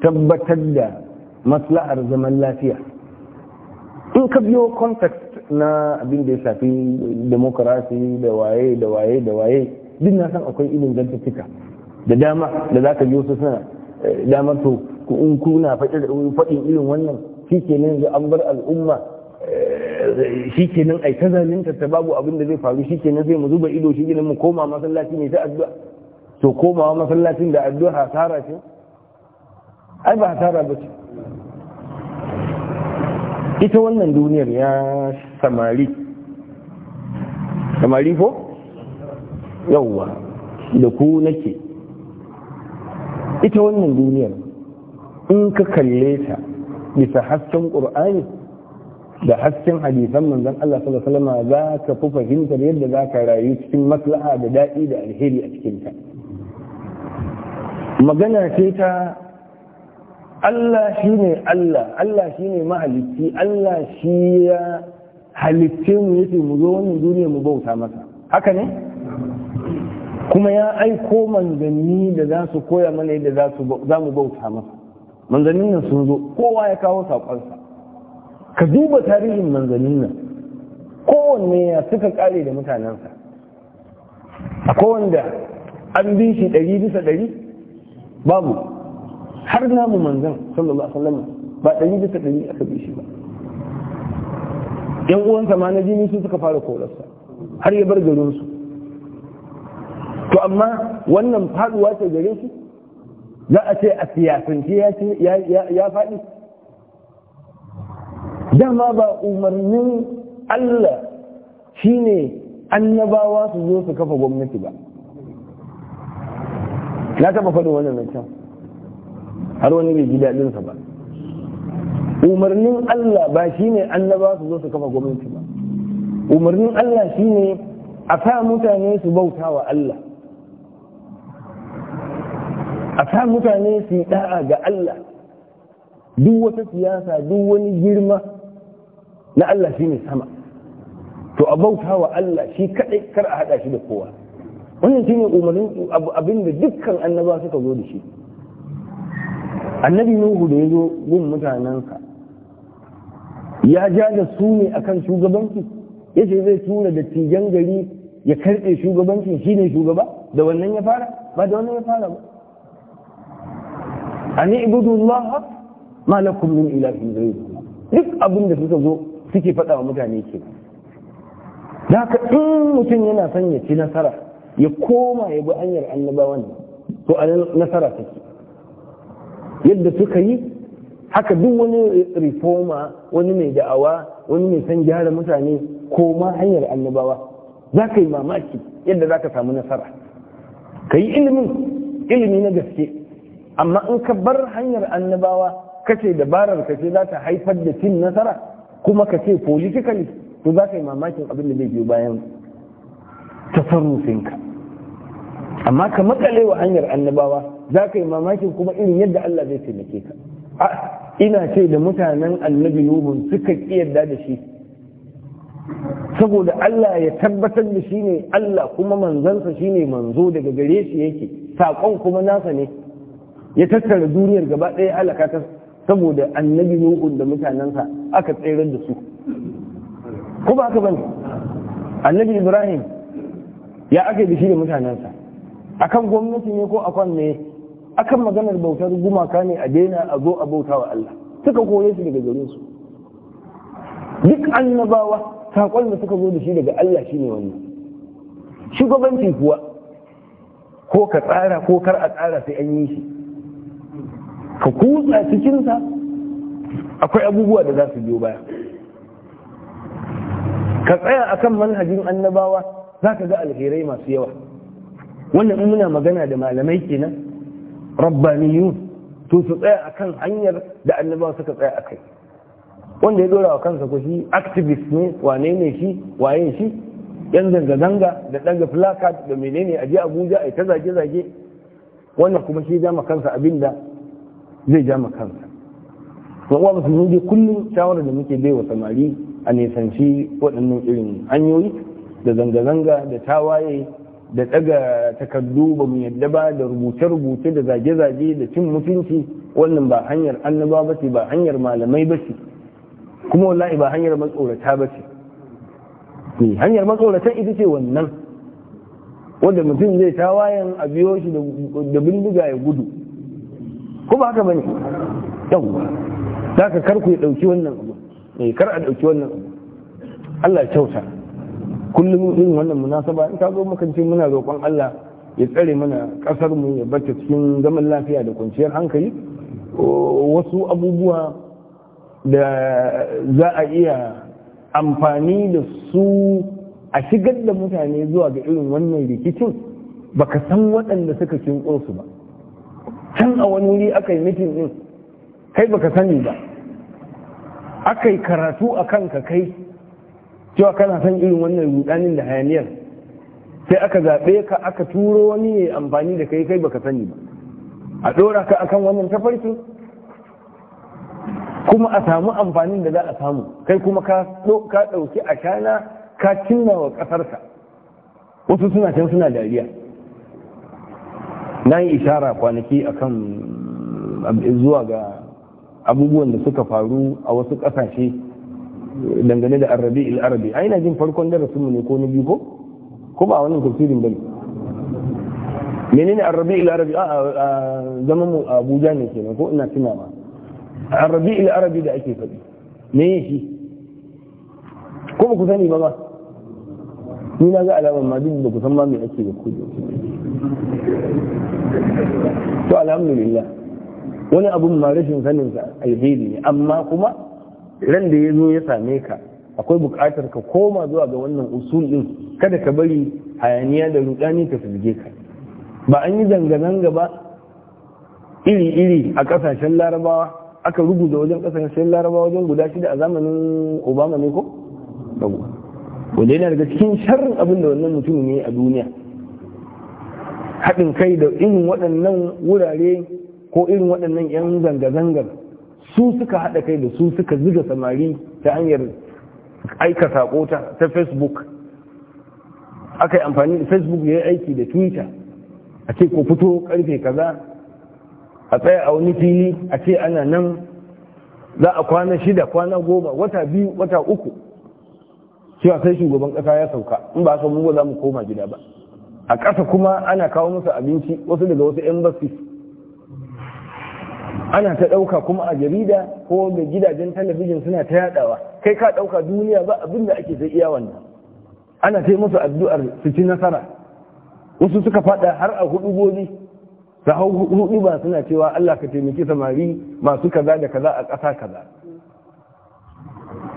S1: tabbatar da maslahar zaman lafiya in ka biyo context na abin da ya shafi demokarasi da waye da waye da waye duk na san akwai ilimin cika da dama da za ka biyo su suna eh, damar to in kuna faɗin irin wannan shi kenan yanzu an bar al'umma eh, shi a yi ta zalinta ta babu abin da zai faru shi nan sai mu zuba ido shi kenan mu koma masallaci ne ta addu'a to komawa masallacin da addu'a hasara ce ai ba hasara ba ce ita wannan duniyar ya samari samari ko yauwa da ku nake ita wannan duniyar in ka kalle ta bisa hasken ƙur'ani da hasken hadisan manzon Allah sallallahu alaihi za ka fi fahimtar yadda za ka rayu cikin maslaha da daɗi da alheri a cikinta magana ce ta Allah shi ne Allah Allah shi ne mahalicci Allah shi ya halicce mu yace mu zo wannan duniya mu bauta masa haka ne kuma ya aiko manzanni da za su koya mana yadda za mu bauta masa manzannin nan sun zo kowa ya kawo saƙonsa ka duba tarihin manzannin nan kowanne ya suka ƙare da mutanensa a kowanda an bi shi ɗari bisa ɗari babu har namu manzan sallallahu alaihi wasallam ba ɗari bisa ɗari aka bi shi ba yan uwansa ma na jini su suka fara korarsa har ya bar garinsu to amma wannan faduwa ta gare shi za a ce a siyasance ya faɗi dama ba umarnin Allah shine annabawa su zo su kafa gwamnati ba na taɓa faɗin wannan can har wani bai ji daɗinsa ba umarnin Allah ba shi ne annaba su zo su kafa gwamnati ba umarnin Allah shi ne a sa mutane su bauta wa Allah a sa mutane su yi ɗa'a ga Allah duk wata siyasa duk wani girma na Allah shi ne sama to a bauta wa Allah shi kaɗai kar a haɗa shi da kowa wannan shi ne umarnin abin da dukkan annaba suka zo da shi annabi nuhu da ya zo gun mutanensa ya ja da su ne akan shugabanci ya ce zai tura da tijan gari ya karɓe shugabanci shi ne shugaba da wannan ya fara ba da wannan ya fara ba an yi ibudullah ma lakum min ilahin ghayr duk abin da suka zo suke faɗa wa mutane ke da haka in mutum yana son ya ci nasara ya koma ya bi hanyar annabawan to a nasara take yadda suka yi haka duk wani reforma wani mai da'awa wani mai san gyara mutane ko ma hanyar annabawa za ka yi mamaki yadda za ka samu nasara ka yi ilimin ilimi na gaske amma in ka bar hanyar annabawa kace dabarar ka ce za ta haifar da cin nasara kuma ka ce politically to za ka yi mamakin abin da zai biyo bayan tasarrufinka amma ka makale wa hanyar annabawa za ka yi mamakin kuma irin yadda Allah zai taimake ka ina ce da mutanen annabi nuhun suka kiyarda da shi saboda Allah ya tabbatar da shi ne Allah kuma manzansa shi ne manzo daga gare shi yake saƙon kuma nasa ne ya tattara duniyar gaba ɗaya alaka ta saboda annabi nuhun da mutanensa aka tsayar da su kuma aka bane annabi ibrahim ya aka yi da shi da mutanensa akan gwamnati ne ko akan ne akan maganar bautar gumaka ne a daina a zo a bauta wa Allah suka kore shi daga gare su duk annabawa saƙon da suka zo da shi daga Allah shine wannan shugabanci kuwa ko ka tsara ko kar a tsara sai an yi shi ka kutsa cikinsa akwai abubuwa da za su biyo baya ka tsaya akan manhajin annabawa za ka ga alherai masu yawa wannan in muna magana da malamai kenan rabbaniyun to su tsaya akan hanyar da annabawa suka tsaya a kai. wanda ya dora wa kansa ko shi activist ne wane ne shi waye shi yan zanga-zanga da ɗaga placard da menene a je abuja a ta zage-zage wannan kuma shi jama kansa abinda zai jama kansa uwa sun dai kullum shawarar da muke baiwa samari a nisanci waɗannan irin hanyoyi da zanga-zanga da tawaye da daga takardu ba mu yadda ba da rubuce-rubuce da zage-zage da cin mutunci wannan ba hanyar annaba ba ce ba hanyar malamai ba ce kuma wallahi ba hanyar matsorata ba ce eh, hanyar matsorata ita ce wannan wanda mutum zai tawayen a biyo shi da bindiga ya gudu ko ba haka ne yawwa za ka kar ku ya ɗauki wannan abu eh, kar a ɗauki wannan abu Allah ya kyauta kullum irin wannan munasaba in ka zo makance muna roƙon Allah ya tsare mana ƙasar mu ya bata cikin zaman lafiya da kwanciyar hankali wasu abubuwa da za a iya amfani da su a shigar da mutane zuwa ga irin wannan rikicin baka san waɗanda suka cin su ba can a wani wuri aka yi mitin ɗin kai baka sani ba aka yi karatu a kanka kai cewa kana son irin wannan rudanin da hayaniyar sai aka zaɓe ka aka turo wani ya amfani da kai kai baka sani ba a ɗora ka akan wannan tafarki kuma a samu amfanin da za a samu kai kuma ka ɗauki a shana ka cinna wa ƙasarsa wasu suna can suna dariya na yi ishara kwanaki akan zuwa ga abubuwan da suka faru a wasu ƙasashe dangane da arabi al-arabi ai na jin farkon darasin mu ne ko na biyu ko ko ba wannan tafsirin bane menene arabi al-arabi a zaman mu Abuja ne kenan ko ina tuna ma arabi al-arabi da ake faɗi me shi ko ba ku sani ba ba ni na ga alamar ma duk da ku san ma me ake da ku to alhamdulillah wani abun ma rashin sanin sa alheri ne amma kuma ran da ya zo ya same ka akwai buƙatar ka koma zuwa ga wannan usul din kada ka bari hayaniya da rudani ta fizge ka ba an yi zanga-zanga ba iri-iri a ƙasashen larabawa aka rubuta wajen ƙasashen larabawa wajen guda shida a zamanin obama ne ko? wanda yana daga cikin sharrin abin da wannan mutum ne a duniya haɗin kai da irin waɗannan wurare ko irin waɗannan 'yan zanga-zangar su suka haɗa kai da su suka ziga samari ta hanyar aika saƙo ta facebook aka yi amfani da facebook ya yi aiki da twitter a ce ko fito karfe kaza a tsaya a wani fili a ce ana nan za a kwana shida kwana goma wata biyu wata uku cewa sai shugaban kasa ya sauka in ba san mu za mu koma gida ba a ƙasa kuma ana kawo musu abinci wasu daga wasu embassies ana ta ɗauka kuma a jarida ko da gidajen talabijin suna ta yaɗawa kai ka ɗauka duniya ba abin da ake sai iya wannan ana ta yi musu addu'ar su ci nasara wasu suka faɗa har a hudu gobe ta hau hudu ba suna cewa Allah ka taimaki samari masu kaza da kaza a ƙasa kaza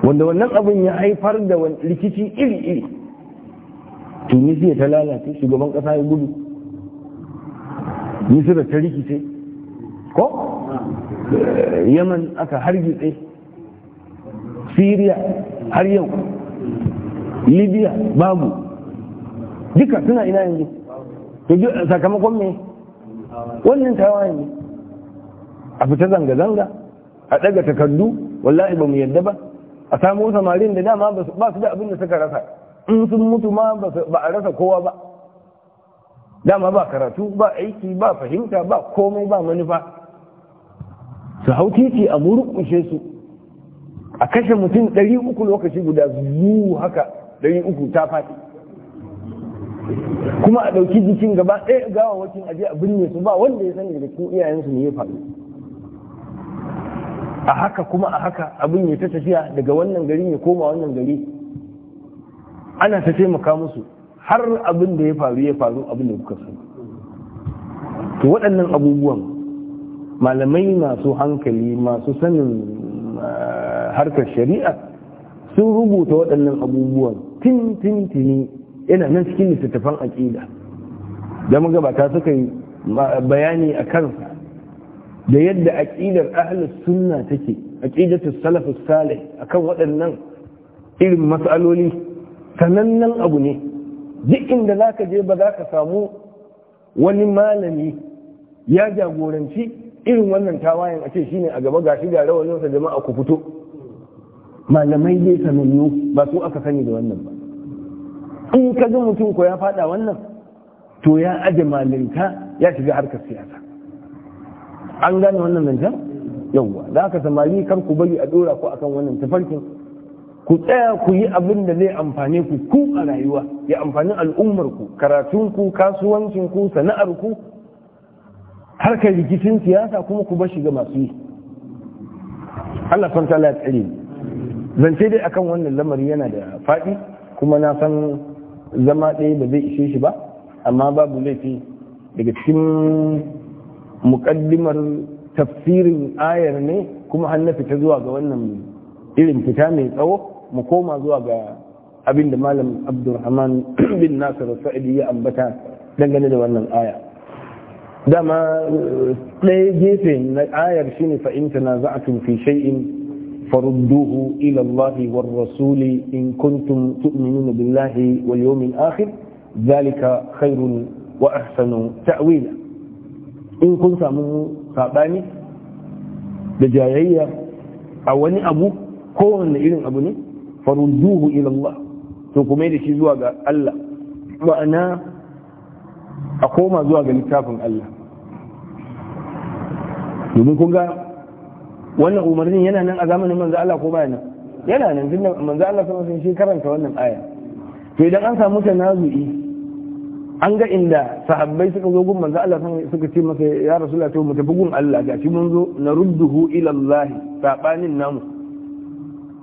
S1: wanda wannan abin ya haifar da rikici iri-iri tunisiya ta lalace shugaban ƙasa ya gudu misira ta rikice ko yaman aka hargitse syria har yau libya babu duka suna ina yanzu sakamakon me wannan tawayen ne a fita zanga-zanga a daga takardu wallahi ba mu yadda ba a samu samarin da dama ba su da abin da suka rasa in sun mutu ma ba a rasa kowa ba dama ba karatu ba aiki ba fahimta ba komai ba manufa su hau titi a murkushe su a kashe mutum 300 lokaci guda zuwa haka 300 ta faɗi kuma a ɗauki jikin gaba ɗaya gawa wakin aje a binne su ba wanda ya sani da cikin iyayensu ne ya faru a haka kuma a haka abin ya ta tafiya daga wannan gari ya koma wannan gari ana ta taimaka musu har abin da ya faru ya faru abin da kuka so to waɗannan abubuwan malamai masu hankali masu sanin ah, harkar shari'a sun rubuta waɗannan abubuwan tintintini yana nan cikin littattafan aƙida da magabata suka yi bayani a kansa da yadda aƙidar ahlus sunna take aƙidatu salafus salih akan waɗannan irin matsaloli sanannen abu ne duk inda za ka je ba za ka samu wani malami ya jagoranci irin wannan tawayen a ce ne a gaba gashi ga sa jama'a ku fito malamai dai sanannu ba su aka sani da wannan ba in ka ga mutum ko ya fada wannan to ya aje malinka ya shiga harkar siyasa an gane wannan zancen yawwa za ka samari kar ku bari a dora ku akan wannan tafarkin ku tsaya ku yi abin da zai amfane ku ku a rayuwa ya amfani al'ummar ku karatun ku kasuwancin ku sana'ar ku harkar rikicin siyasa kuma ku bashi ga masu yi Allah san ya tsare zance dai akan wannan lamari yana da faɗi kuma na san zama ɗaya ba zai ishe shi ba amma babu laifi daga cikin muƙaddimar tafsirin ayar ne kuma har na fita zuwa ga wannan irin fita mai tsawo mu koma zuwa ga abinda da malam abdulrahman bin nasir sa'idi ya ambata dangane da wannan aya dama ɗaya gefe na ayar shine fa in tanaza'tum fi shay'in farudduhu ila Allah war rasuli in kuntum tu'minuna billahi wal yawmil akhir zalika khairun wa ahsanu ta'wila in kun samu sabani da jayayya a wani abu ko kowanne irin abu ne farudduhu ila Allah to kuma da shi zuwa ga Allah ma'ana a koma zuwa ga littafin Allah domin kun ga wannan umarnin yana nan a zamanin manzo Allah ko baya nan yana nan din da manzo Allah sama sun shi karanta wannan aya to idan an samu nazu'i an ga inda sahabbai suka zo gun manzo Allah suka ce masa ya rasulullahi to mu tafi gun Allah gashi mun zo na rudduhu ila Allah sabanin namu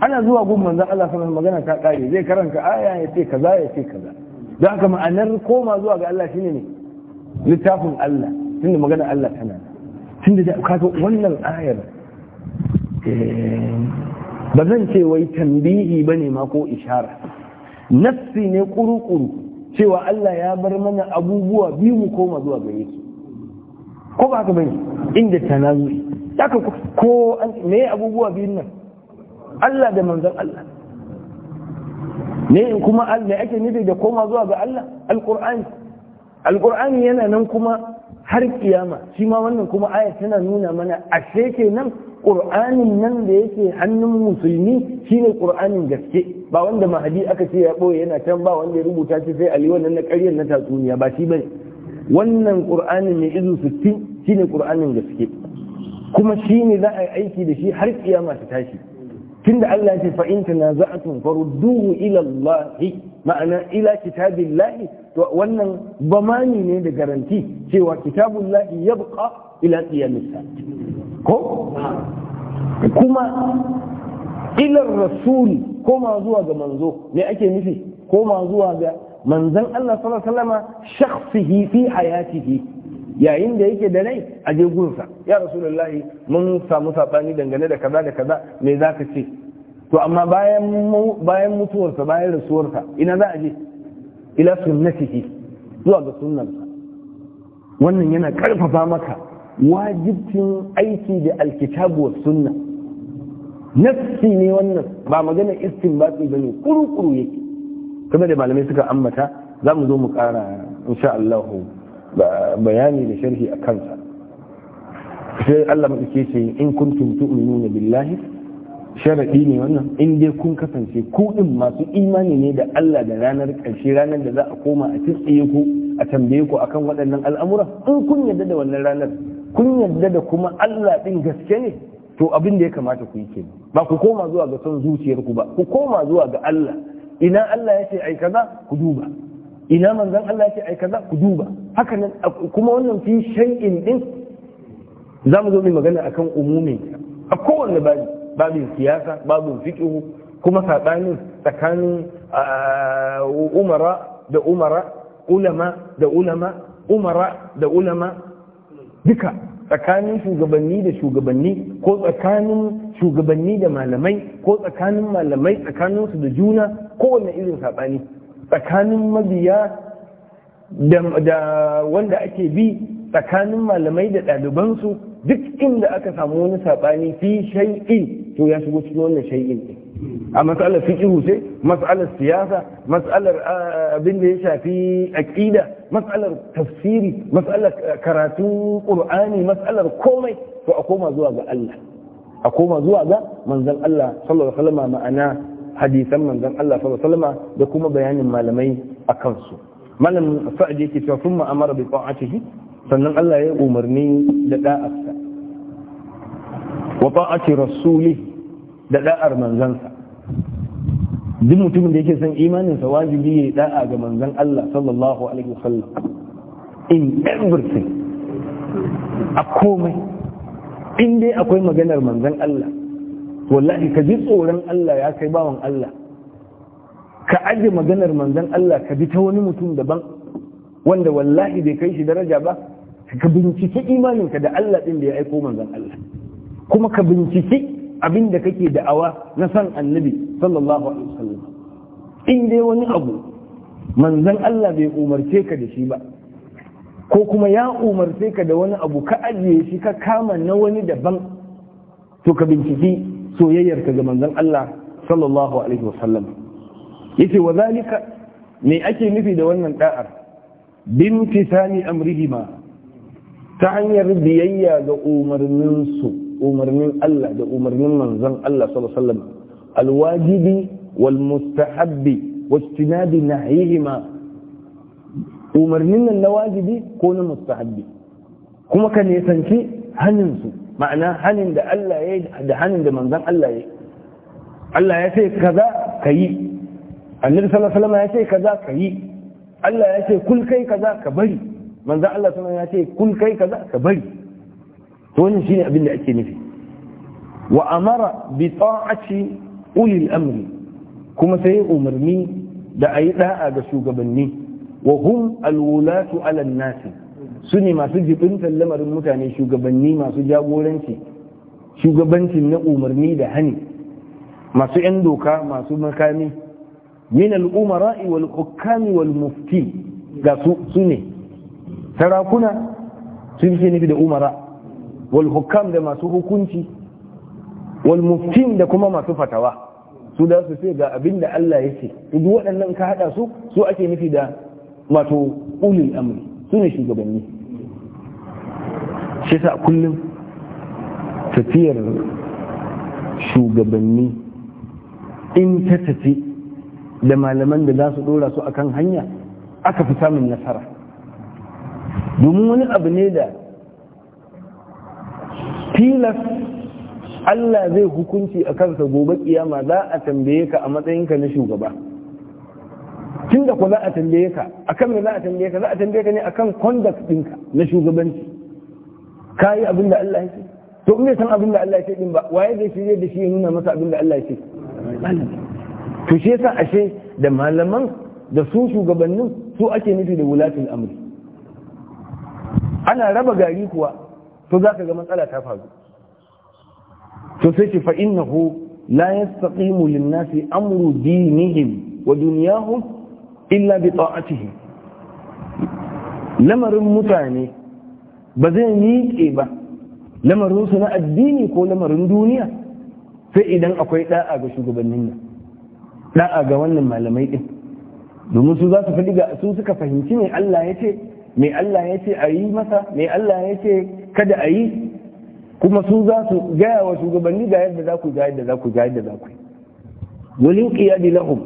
S1: ana zuwa gun manzo Allah sama magana ta kare zai karanta aya ya ce kaza ya ce kaza don haka ma'anar koma zuwa ga Allah shine ne littafin Allah tunda magana Allah tana tun da kaga wannan ayar eh, ba zan ce wai tambihi ba ne ma ko ishara nassi ne kuru-kuru cewa Allah ya bar mana abubuwa biyu mu koma zuwa ga yake ko ba ka bane inda tanazuri haka ko me abubuwa biyun nan Allah da manzon Allah ne kuma Allah ake nufi da koma zuwa ga Allah alqur'ani alqur'ani yana nan kuma har kiyama shi ma wannan kuma aya tana nuna mana ashe kenan qur'anin nan da yake hannun musulmi shine qur'anin gaske ba wanda mahadi aka ce ya ɓoye yana can ba wanda ya rubuta shi sai ali wannan na ƙaryar na tatsuniya ba shi bane wannan qur'anin mai izu sittin shine qur'anin gaske kuma shine za a yi aiki da shi har kiyama ta tashi tunda Allah ya ce fa in tanaza'tum farudduhu ila Allah ma'ana ila kitabillahi to wannan bamani ne da garanti cewa kitabullahi yabqa ila qiyamis ko kuma ila rasul koma zuwa ga manzo me ake nufi koma zuwa ga manzon Allah sallallahu alaihi wasallama shakhsihi fi hayatihi yayin da yake da rai a je gunsa ya lahi mun samu sabani dangane da kaza da kaza me ka ce to amma bayan mutuwarsa bayan rasuwarsa ina za a je ila sunnatihi zuwa ga sunnarsa wannan yana karfafa maka wajibcin aiki da alkitabu sunna nafsi ne wannan ba magana istinbati bane kuru-kuru yake kuma da malamai suka ambata za mu zo mu kara inshaAllahu. bayani da sharhi a kansa sai Allah ke ce in kuntum tu'minuna billahi sharaɗi ne wannan in dai kun kasance ku din masu imani ne da Allah da ranar karshe ranar da za a koma a tsitsiye ku a tambaye ku akan waɗannan al'amura in kun yarda da wannan ranar kun yarda da kuma Allah din gaske ne to abin da ya kamata ku yi kenan ba ku koma zuwa ga son zuciyarku ba ku koma zuwa ga Allah ina Allah ya ce ai kaza ku duba ina manzan Allah ce ai kaza ku duba hakanan kuma wannan fi shay'in din za mu zo mu magana akan umumin a kowanne babin siyasa babin fiqhu kuma sabanin tsakanin umara da umara ulama da ulama umara da ulama duka tsakanin shugabanni da shugabanni ko tsakanin shugabanni da malamai ko tsakanin malamai tsakaninsu da juna kowane irin saɓani tsakanin mabiya da wanda ake bi tsakanin malamai da ɗalibansu duk inda aka samu wani saɓani fi shai'i to ya shigo cikin wannan shai'in ɗin a matsalar fikihu ce matsalar siyasa matsalar abin da ya shafi aƙida matsalar tafsiri matsalar karatun ƙur'ani matsalar komai to a koma zuwa ga Allah a koma zuwa ga manzon Allah sallallahu alaihi wasallam ma'ana hadisan manzon Allah sallallahu alaihi da kuma bayanin malamai a kansu malam sa'ad yake cewa sun ma'amara bi ta'atihi sannan Allah ya umarni da da'arsa wa ta'ati rasuli da da'ar manzansa duk mutumin da yake san imanin sa wajibi ya da'a ga manzon Allah sallallahu alaihi wasallam in everything a komai in dai akwai maganar manzon Allah wallahi ka ji tsoron Allah ya kai bawan Allah ka aje maganar manzan Allah ka bi ta wani mutum daban wanda wallahi bai kai shi daraja ba ka bincike imaninka da Allah din da ya aiko manzan Allah kuma ka bincike abin da kake da'awa na san annabi sallallahu alaihi wasallam in dai wani abu manzan Allah bai umarce ka da shi ba ko kuma ya umarce ka da wani abu ka ajiye shi ka kama na wani daban to ka binciki soyayyarka ga manzon Allah sallallahu alaihi wasallam yace wa zalika me ake nufi da wannan da'ar bin tisani amrihima ta hanyar biyayya ga umarnin su umarnin Allah da umarnin manzon Allah sallallahu alaihi wasallam alwajibi wal mustahabbi wastinadi nahihima umarnin nan na wajibi ko na mustahabbi kuma ka nisanci hannunsu ma'ana hanin da Allah ya yi da hanin da manzan Allah ya yi Allah ya ce kaza ka yi annabi sallallahu alaihi ya ce kaza ka yi Allah ya ce kul kai kaza ka bari manzan Allah sallallahu ya ce kul kai kaza ka bari to wannan shine abin da ake nufi wa amara bi ta'ati ulil amri kuma sai umarni da ayi da'a ga shugabanni wa hum alwulatu ala nasi su ne masu jibintar lamarin mutane shugabanni masu jagoranci shugabancin na umarni da hani masu 'yan doka masu makami min al'umara'i wal hukami wal mufti ga su ne sarakuna sun ce nufi da umara wal hukam da masu hukunci wal muftin da kuma masu fatawa su da su ce ga abin da Allah ya ce duk waɗannan ka haɗa su su ake nufi da wato ulil amri su ne shugabanni shi sa kullum tafiyar shugabanni in ta tafi da malaman da za su dora su akan hanya aka fi samun nasara domin wani abu ne da tilas Allah zai hukunci a kansa gobe kiyama za a tambaye ka a matsayinka na shugaba tun da ku za a tambaye ka a me za a tambaye ka za a tambaye ka ne kan conduct ɗinka na shugabanci ka yi abin da Allah ya ce to in san abin da Allah ya ce din ba waye zai shirye da shi ya nuna masa abin da Allah ya ce to shi yasa ashe da malaman da su shugabannin su ake nufi da wulatul amri ana raba gari kuwa to zaka ga matsala ta faru to sai ce fa innahu la yastaqimu lin-nasi amru dinihim wa dunyahum illa bi ta'atihi lamarin mutane ba zai miƙe ba lamarinsu na addini ko lamarin duniya sai idan akwai da'a ga shugabannin nan da'a ga wannan malamai din domin su za su faɗi ga su suka fahimci me Allah ya ce me Allah ya ce a yi masa me Allah ya ce kada a yi kuma su za su gaya wa shugabanni ga yadda za ku ga yadda za ku ga yadda za ku walin qiyadi lahum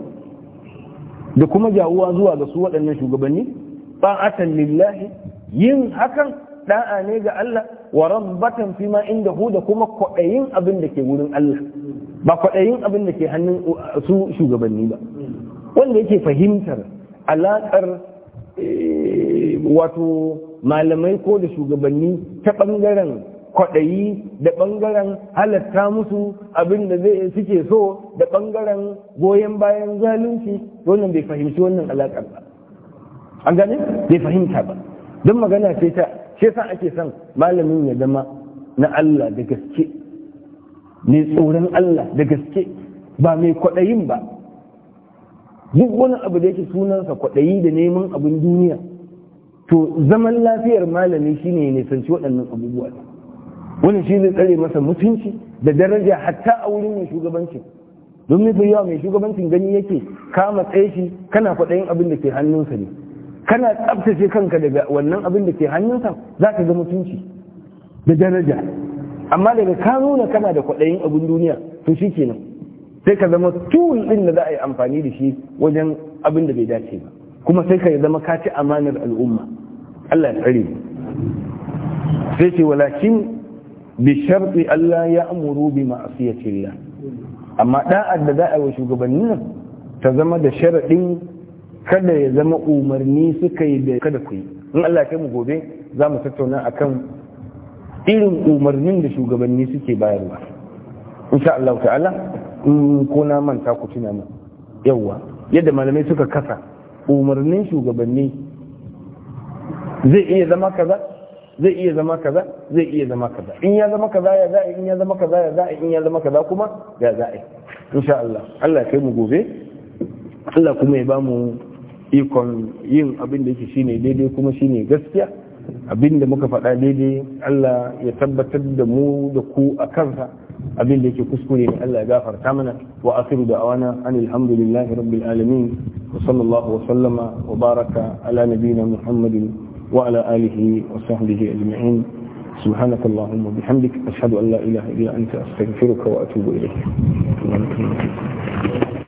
S1: da kuma jawuwa zuwa ga su waɗannan shugabanni ba'atan lillahi yin hakan da'a ne ga Allah wa rabbatan fi ma hu da kuma kwaɗayin abin da ke wurin Allah ba kwaɗayin abin da ke hannun uh, su shugabanni ba wanda yake fahimtar alaƙar eh, wato malamai ko da shugabanni ta ɓangaren kwaɗayi da ɓangaren halatta musu abin da zai suke so da ɓangaren goyon bayan zalunci wannan bai fahimci wannan alaƙar ba an gane bai fahimta ba don magana ce ta shi yasa ake son malamin ya zama na Allah da gaske ne tsoron Allah da gaske ba mai kwaɗayin ba duk wani abu da yake sunansa kwaɗayi da neman abin duniya to zaman lafiyar malami shine ya nisanci waɗannan abubuwa wani shi zai tsare masa mutunci da daraja hatta a wurin mai shugabanci domin yawa mai shugabancin gani yake kama tsaye shi kana kwaɗayin abin da ke hannunsa ne kana tsabtace kanka daga wannan abin da ke hannunsa za ka ga mutunci da daraja amma daga ka nuna kana da kwaɗayin abin duniya to shi kenan sai ka zama tuwul ɗin da za a yi amfani da shi wajen abin da bai dace ba kuma sai ka zama ka ci amanar al'umma Allah ya tsare sai ce walakin bi sharti Allah ya amuru bi ma'asiyatillah amma da'ar da za a yi wa shugabannin ta zama da sharaɗin kada ya zama umarni suka yi da kada ku yi in Allah kai mu gobe za mu tattauna akan irin umarnin da shugabanni suke bayarwa insha Allah ta'ala in ko na manta ku tuna mu yawa yadda malamai suka kasa umarnin shugabanni zai iya zama kaza zai iya zama kaza zai iya zama kaza in ya zama kaza ya za'i in ya zama kaza ya za'i in ya zama kaza kuma ya za'i insha Allah Allah kai mu gobe Allah kuma ya ba mu. ikon yin abin da yake shine daidai kuma shine gaskiya abin da muka faɗa daidai Allah ya tabbatar da mu da ku a kansa abin da yake kuskure ne Allah ya gafarta mana wa asiru da awana alhamdulillahi rabbil alamin wa sallallahu wa sallama wa baraka ala muhammadin wa ala alihi wa sahbihi ajma'in سبحانك اللهم وبحمدك أشهد أن لا إله إلا أنت أستغفرك وأتوب إليك